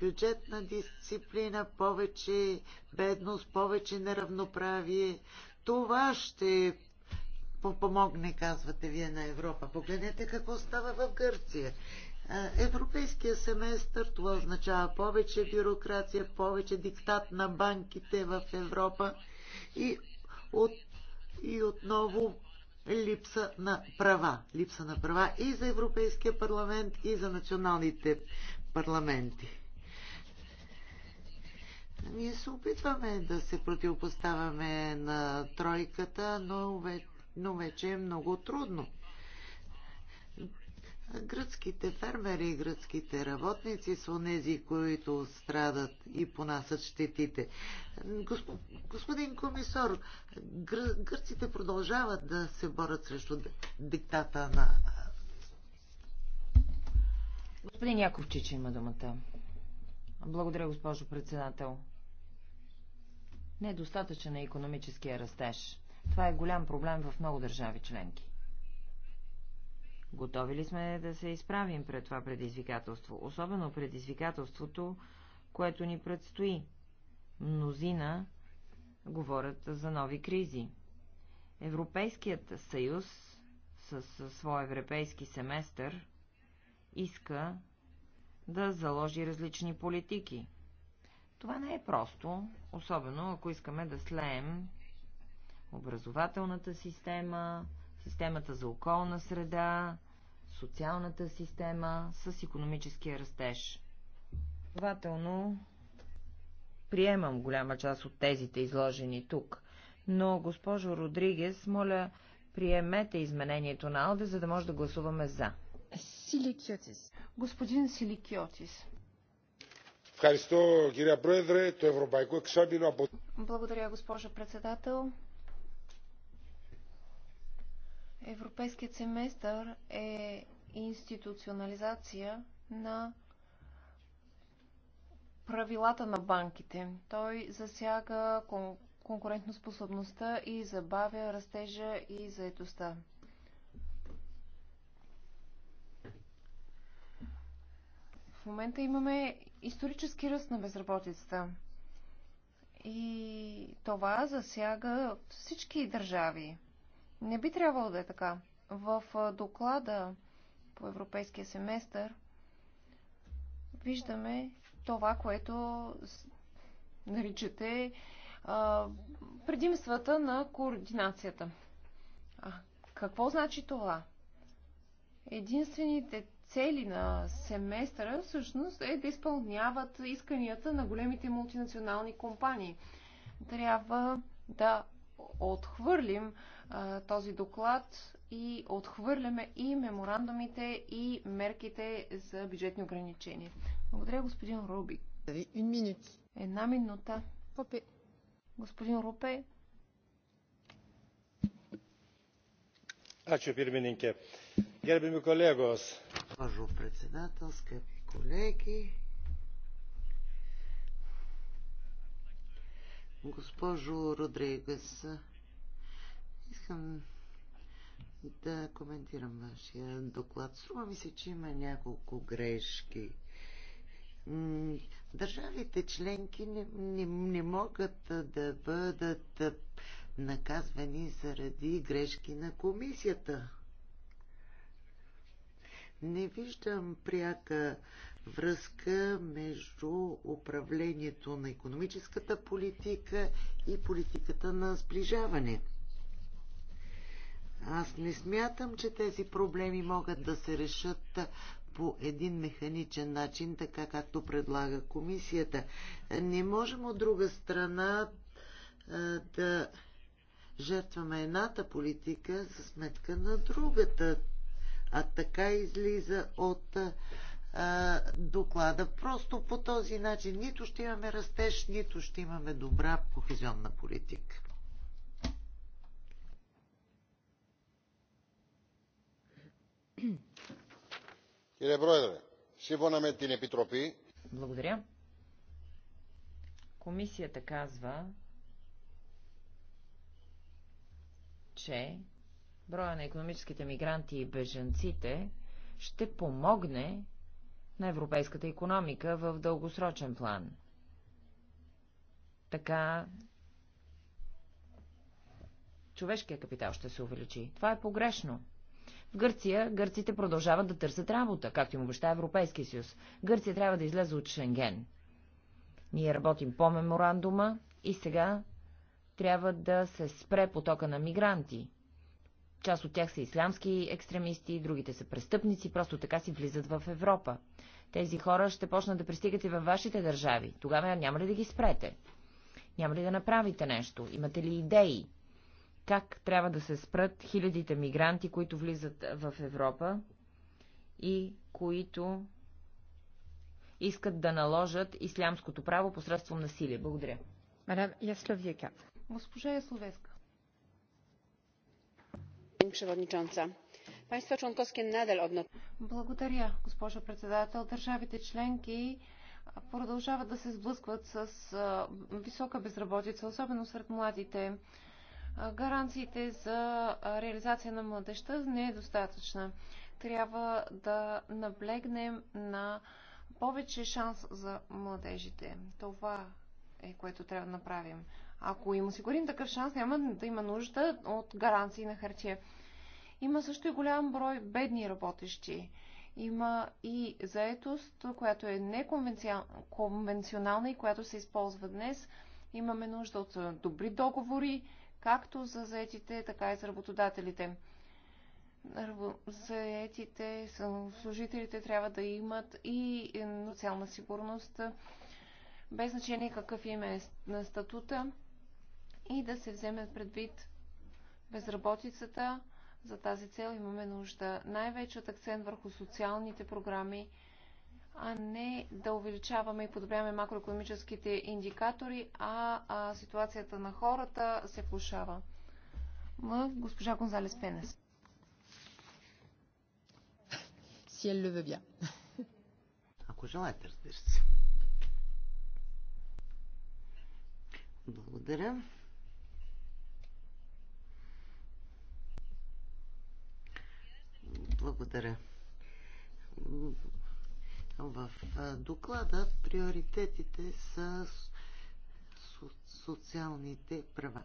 бюджетна дисциплина, повече бедност, повече неравноправие. Това ще помогне, казвате вие на Европа. Погледнете какво става в Гърция. Европейския семестър, това означава повече бюрокрация, повече диктат на банките в Европа и, от, и отново липса на права. Липса на права и за Европейския парламент, и за националните парламенти. Ние се опитваме да се противопоставяме на тройката, но вече, но вече е много трудно. Гръцките фермери и гръцките работници са онези, които страдат и понасят щетите. Господин комисор, гр... продължават да се борят срещу диктата на... Господин Чич има думата. Благодаря, госпожо председател. Недостатъчен е економическия растеж. Това е голям проблем в много държави членки. Готови ли сме да се изправим пред това предизвикателство? Особено предизвикателството, което ни предстои. Мнозина говорят за нови кризи. Европейският съюз със своя европейски семестър иска да заложи различни политики. Това не е просто, особено ако искаме да слеем образователната система, системата за околна среда, социалната система с економическия растеж. Следователно, приемам голяма част от тезите, изложени тук. Но, госпожо Родригес, моля, приемете изменението на Алде, за да може да гласуваме за. Силикиотис. Господин Силикиотис. Благодаря, госпожо председател. Европейският семестър е институционализация на правилата на банките. Той засяга кон- конкурентоспособността и забавя растежа и заетостта. В момента имаме исторически ръст на безработицата. И това засяга всички държави. Не би трябвало да е така. В доклада по европейския семестър виждаме това, което наричате а, предимствата на координацията. А, какво значи това? Единствените цели на семестъра всъщност е да изпълняват исканията на големите мултинационални компании. Трябва да отхвърлим този доклад и отхвърляме и меморандумите и мерките за бюджетни ограничения. Благодаря, господин Руби. Една минута. Рупе. Господин Рупе. Ачо, Ačiū Герби ми kolegos. Pažu председател, скъпи колеги, Госпожо Родригес, Искам да коментирам вашия доклад. Струва ми се, че има няколко грешки. Държавите членки не, не, не могат да бъдат наказвани заради грешки на комисията. Не виждам пряка връзка между управлението на економическата политика и политиката на сближаване. Аз не смятам, че тези проблеми могат да се решат по един механичен начин, така както предлага комисията. Не можем от друга страна да жертваме едната политика за сметка на другата. А така излиза от а, доклада. Просто по този начин нито ще имаме растеж, нито ще имаме добра кохезионна политика. Благодаря. Комисията казва, че броя на економическите мигранти и беженците ще помогне на европейската економика в дългосрочен план. Така човешкият капитал ще се увеличи. Това е погрешно. В Гърция гърците продължават да търсят работа, както им обеща Европейския съюз. Гърция трябва да излезе от Шенген. Ние работим по меморандума и сега трябва да се спре потока на мигранти. Част от тях са ислямски екстремисти, другите са престъпници, просто така си влизат в Европа. Тези хора ще почнат да пристигат и във вашите държави. Тогава няма ли да ги спрете? Няма ли да направите нещо? Имате ли идеи? как трябва да се спрат хилядите мигранти, които влизат в Европа и които искат да наложат ислямското право посредством насилие. Благодаря. Мадам Ясловека. Госпожа Ясловеска. Благодаря, госпожо председател. Държавите членки продължават да се сблъскват с висока безработица, особено сред младите гаранциите за реализация на младеща не е достатъчна. Трябва да наблегнем на повече шанс за младежите. Това е което трябва да направим. Ако им осигурим такъв шанс, няма да има нужда от гаранции на хартия. Има също и голям брой бедни работещи. Има и заетост, която е неконвенционална и която се използва днес. Имаме нужда от добри договори, както за заетите, така и за работодателите. Заетите, служителите трябва да имат и социална е, сигурност, без значение какъв им е на статута и да се вземат предвид безработицата. За тази цел имаме нужда най-вече от акцент върху социалните програми – а не да увеличаваме и подобряваме макроекономическите индикатори, а, а ситуацията на хората се влушава. В госпожа Гонзалес Пенес. Си е Ако желаете, разбира се. Благодаря. Благодаря в доклада приоритетите са социалните права.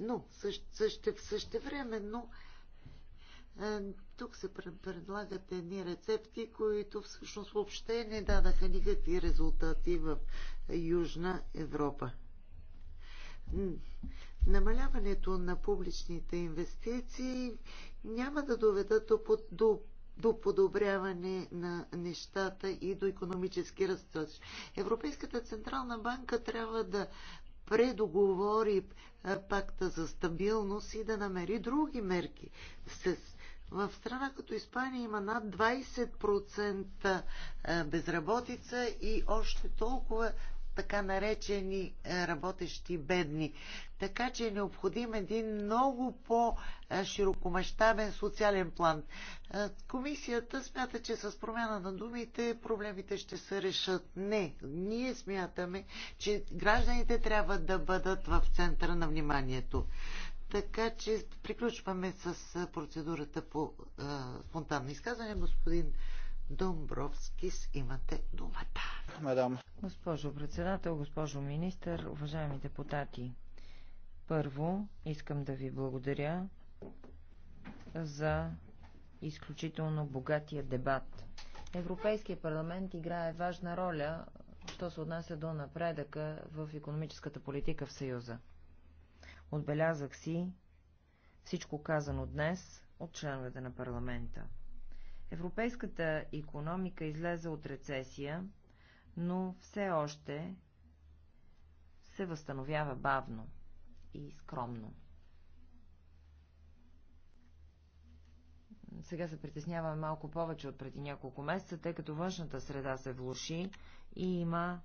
Но също, също, същевременно тук се предлагат едни рецепти, които всъщност въобще не дадаха никакви резултати в Южна Европа. Намаляването на публичните инвестиции няма да доведат до до подобряване на нещата и до економически растеж. Европейската централна банка трябва да предоговори е, пакта за стабилност и да намери други мерки. В страна като Испания има над 20% е, безработица и още толкова така наречени е, работещи бедни. Така че е необходим един много по-широкомащабен социален план. Е, комисията смята, че с промяна на думите проблемите ще се решат. Не, ние смятаме, че гражданите трябва да бъдат в центъра на вниманието. Така че приключваме с е, процедурата по а, спонтанно изказване. Господин Домбровскис, имате думата. Мадам. Госпожо председател, госпожо министър, уважаеми депутати. Първо, искам да ви благодаря за изключително богатия дебат. Европейския парламент играе важна роля, що се отнася до напредъка в економическата политика в Съюза. Отбелязах си всичко казано днес от членовете на парламента – Европейската економика излезе от рецесия, но все още се възстановява бавно и скромно. Сега се притесняваме малко повече от преди няколко месеца, тъй като външната среда се влуши и има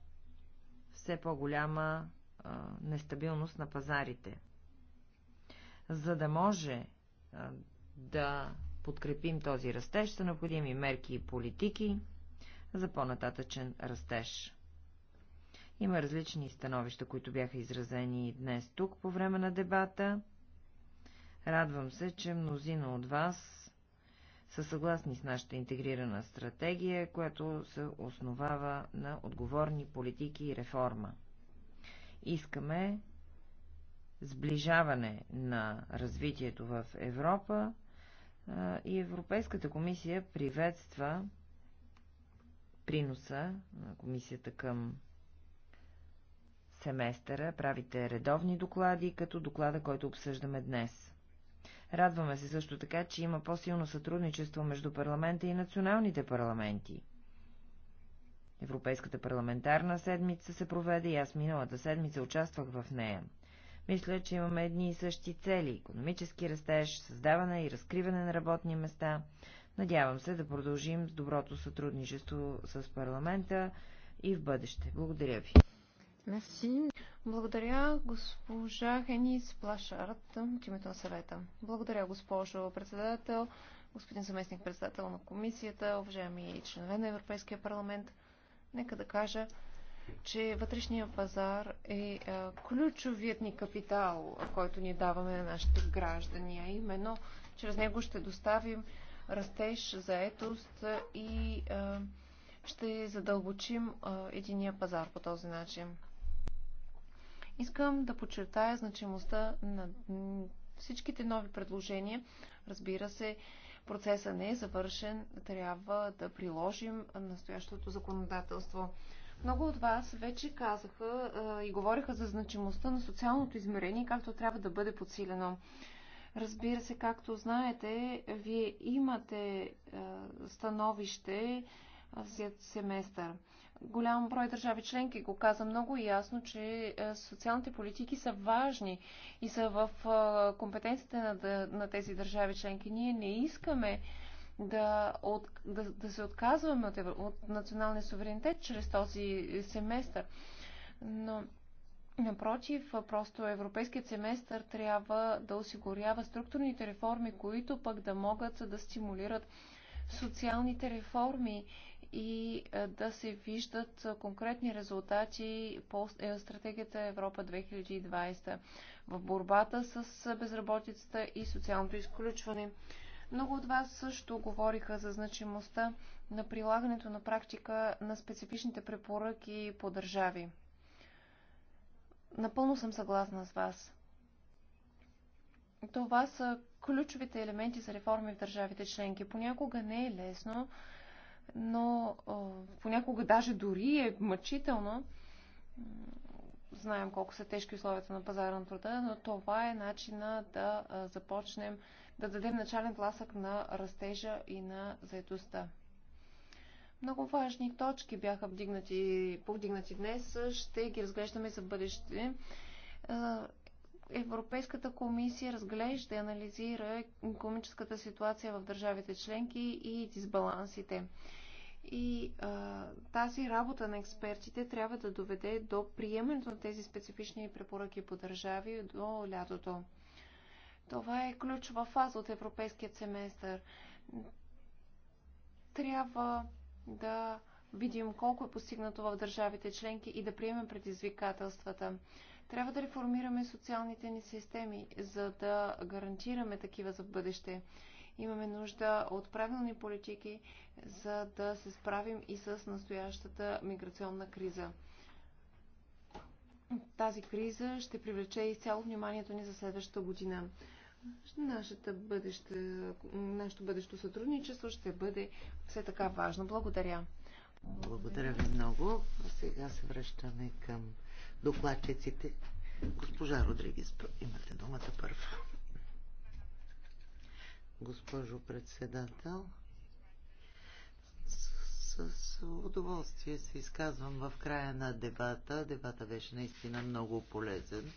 все по-голяма нестабилност на пазарите. За да може а, да подкрепим този растеж, са необходими мерки и политики за по-нататъчен растеж. Има различни становища, които бяха изразени и днес тук по време на дебата. Радвам се, че мнозина от вас са съгласни с нашата интегрирана стратегия, която се основава на отговорни политики и реформа. Искаме сближаване на развитието в Европа и Европейската комисия приветства приноса на комисията към семестъра. Правите редовни доклади, като доклада, който обсъждаме днес. Радваме се също така, че има по-силно сътрудничество между парламента и националните парламенти. Европейската парламентарна седмица се проведе и аз миналата седмица участвах в нея. Мисля, че имаме едни и същи цели – економически растеж, създаване и разкриване на работни места. Надявам се да продължим с доброто сътрудничество с парламента и в бъдеще. Благодаря ви. Мерси. Благодаря госпожа Хенис Плашарт от името на съвета. Благодаря госпожо председател, господин заместник председател на комисията, уважаеми членове на Европейския парламент. Нека да кажа, че вътрешния пазар е, е ключовият ни капитал, който ни даваме на нашите граждани, а именно чрез него ще доставим растеж, заетост и е, ще задълбочим е, единия пазар по този начин. Искам да подчертая значимостта на всичките нови предложения. Разбира се, процесът не е завършен. Трябва да приложим настоящото законодателство. Много от вас вече казаха а, и говориха за значимостта на социалното измерение, както трябва да бъде подсилено. Разбира се, както знаете, вие имате а, становище след семестър. Голям брой държави членки го каза много ясно, че социалните политики са важни и са в компетенциите на, на тези държави членки. Ние не искаме да, от, да, да се отказваме от, от националния суверенитет чрез този семестър. Но Напротив, просто европейският семестър трябва да осигурява структурните реформи, които пък да могат да стимулират социалните реформи и е, да се виждат конкретни резултати по е, стратегията Европа 2020 в борбата с безработицата и социалното изключване. Много от вас също говориха за значимостта на прилагането на практика на специфичните препоръки по държави. Напълно съм съгласна с вас. Това са ключовите елементи за реформи в държавите членки. Понякога не е лесно, но понякога даже дори е мъчително. Знаем колко са тежки условията на пазара на труда, но това е начина да започнем да дадем начален тласък на растежа и на заедостта. Много важни точки бяха вдигнати, повдигнати днес. Ще ги разглеждаме за бъдеще. Европейската комисия разглежда и анализира економическата ситуация в държавите членки и дисбалансите. И а, тази работа на експертите трябва да доведе до приемането на тези специфични препоръки по държави до лятото. Това е ключова фаза от европейският семестър. Трябва да видим колко е постигнато в държавите членки и да приемем предизвикателствата. Трябва да реформираме социалните ни системи, за да гарантираме такива за бъдеще. Имаме нужда от правилни политики, за да се справим и с настоящата миграционна криза. Тази криза ще привлече изцяло вниманието ни за следващата година нашата бъдеще, нашето бъдещо сътрудничество ще бъде все така важно. Благодаря. Благодаря ви много. А сега се връщаме към докладчиците. Госпожа Родригес, имате думата първа. Госпожо председател, с, с удоволствие се изказвам в края на дебата. Дебата беше наистина много полезен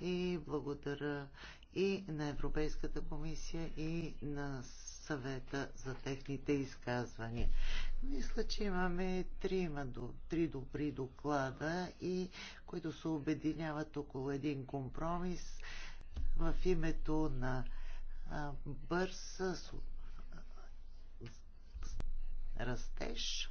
и благодаря и на Европейската комисия и на съвета за техните изказвания. Мисля, че имаме три, три добри доклада и които се обединяват около един компромис в името на бърз растеж,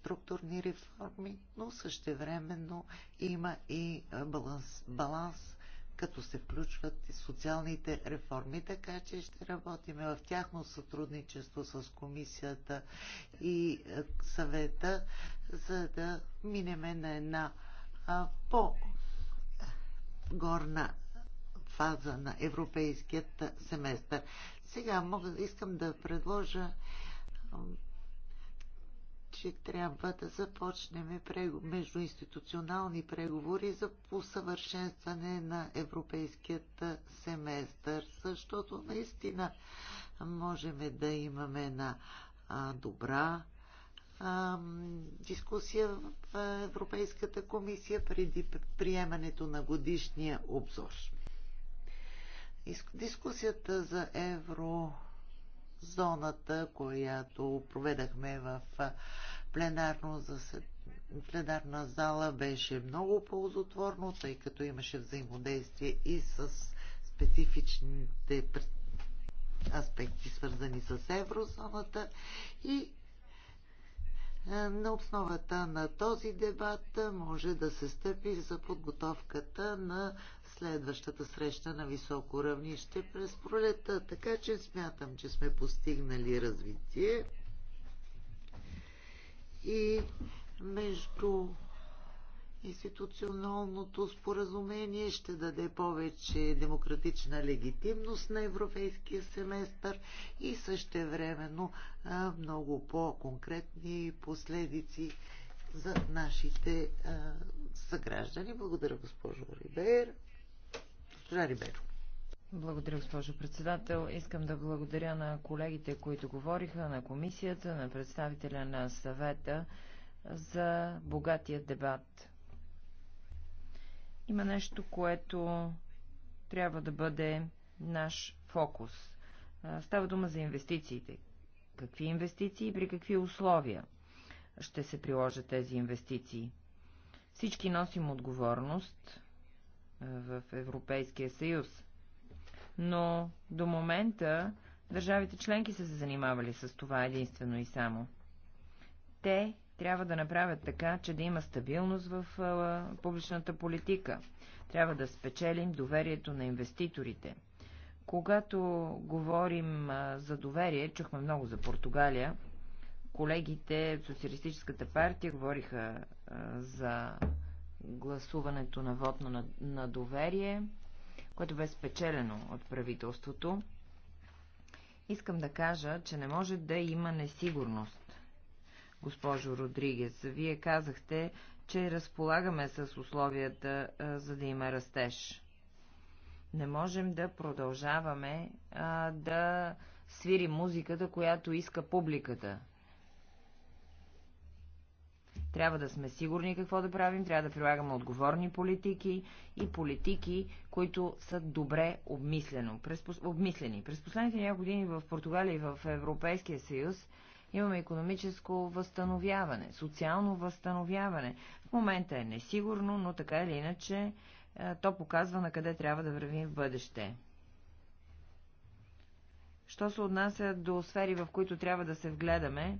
структурни реформи, но същевременно има и баланс, баланс като се включват и социалните реформи, така че ще работим в тяхно сътрудничество с комисията и е, съвета, за да минеме на една по-горна фаза на европейският семестър. Сега мога, искам да предложа че трябва да започнем междуинституционални преговори за усъвършенстване на европейският семестър, защото наистина можем да имаме една добра дискусия в Европейската комисия преди приемането на годишния обзор. Дискусията за евро зоната, която проведахме в пленарно заседание пленарна зала беше много ползотворно, тъй като имаше взаимодействие и с специфичните аспекти, свързани с еврозоната и е, на основата на този дебат може да се стъпи за подготовката на следващата среща на високо равнище през пролета. Така че смятам, че сме постигнали развитие и между институционалното споразумение ще даде повече демократична легитимност на европейския семестър и същевременно много по-конкретни последици за нашите съграждани. Благодаря, госпожо Рибер. Госпожа Рибер. Благодаря, госпожо председател. Искам да благодаря на колегите, които говориха, на комисията, на представителя на съвета за богатия дебат има нещо, което трябва да бъде наш фокус. Става дума за инвестициите. Какви инвестиции и при какви условия ще се приложат тези инвестиции? Всички носим отговорност в Европейския съюз. Но до момента държавите членки са се занимавали с това единствено и само. Те трябва да направят така, че да има стабилност в публичната политика. Трябва да спечелим доверието на инвеститорите. Когато говорим за доверие, чухме много за Португалия, колегите от Социалистическата партия говориха за гласуването на вод на, на доверие, което бе спечелено от правителството. Искам да кажа, че не може да има несигурност госпожо Родригес. Вие казахте, че разполагаме с условията, за да има растеж. Не можем да продължаваме а, да свири музиката, която иска публиката. Трябва да сме сигурни какво да правим, трябва да прилагаме отговорни политики и политики, които са добре обмислено. През, обмислени. През последните няколко години в Португалия и в Европейския съюз Имаме економическо възстановяване, социално възстановяване. В момента е несигурно, но така или иначе е, то показва на къде трябва да вървим в бъдеще. Що се отнася до сфери, в които трябва да се вгледаме,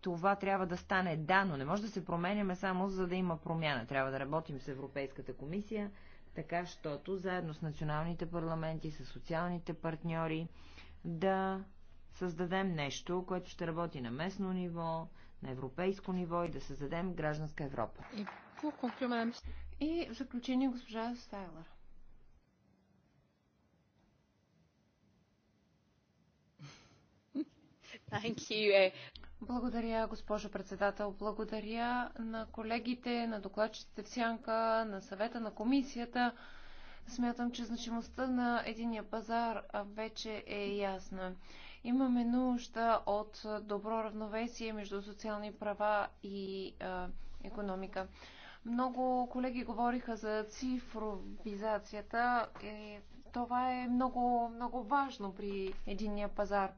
това трябва да стане да, но не може да се променяме само за да има промяна. Трябва да работим с Европейската комисия, така щото заедно с националните парламенти, с социалните партньори да създадем нещо, което ще работи на местно ниво, на европейско ниво и да създадем гражданска Европа. И в заключение госпожа Стайлър. Thank you. Eh, благодаря, госпожо председател. Благодаря на колегите, на докладчите в Сянка, на съвета на комисията. Смятам, че значимостта на единия пазар вече е ясна. Имаме нужда от добро равновесие между социални права и а, економика. Много колеги говориха за цифровизацията. Е, това е много, много важно при единия пазар.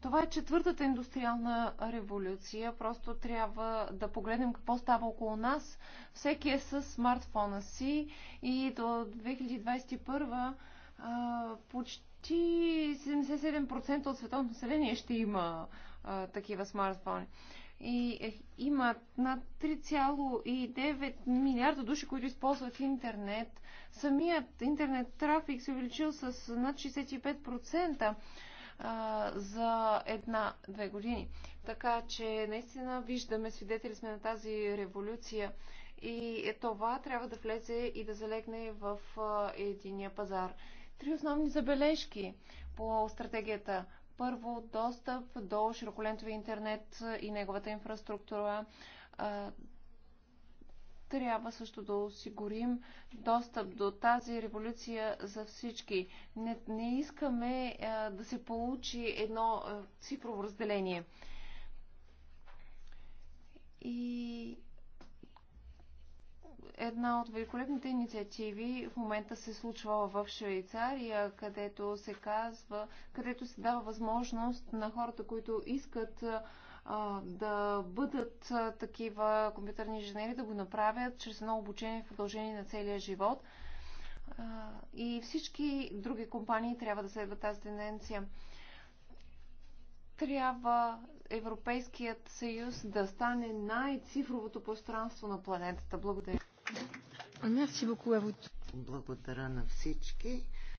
Това е четвъртата индустриална революция. Просто трябва да погледнем какво става около нас. Всеки е с смартфона си и до 2021 почти 77% от световното население ще има такива смартфони. И е, има над 3,9 милиарда души, които използват интернет. Самият интернет трафик се увеличил с над 65% а, за една-две години. Така че наистина виждаме, свидетели сме на тази революция и е, това трябва да влезе и да залегне в а, единия пазар. Три основни забележки по стратегията първо достъп до широколентови интернет и неговата инфраструктура, трябва също да осигурим достъп до тази революция за всички. Не, не искаме а, да се получи едно а, цифрово разделение. И една от великолепните инициативи в момента се случва в Швейцария, където се казва, където се дава възможност на хората, които искат да бъдат такива компютърни инженери, да го направят чрез едно обучение в продължение на целия живот. И всички други компании трябва да следват тази тенденция. Трябва Европейският съюз да стане най-цифровото пространство на планетата. Благодаря. Благодаря на всички.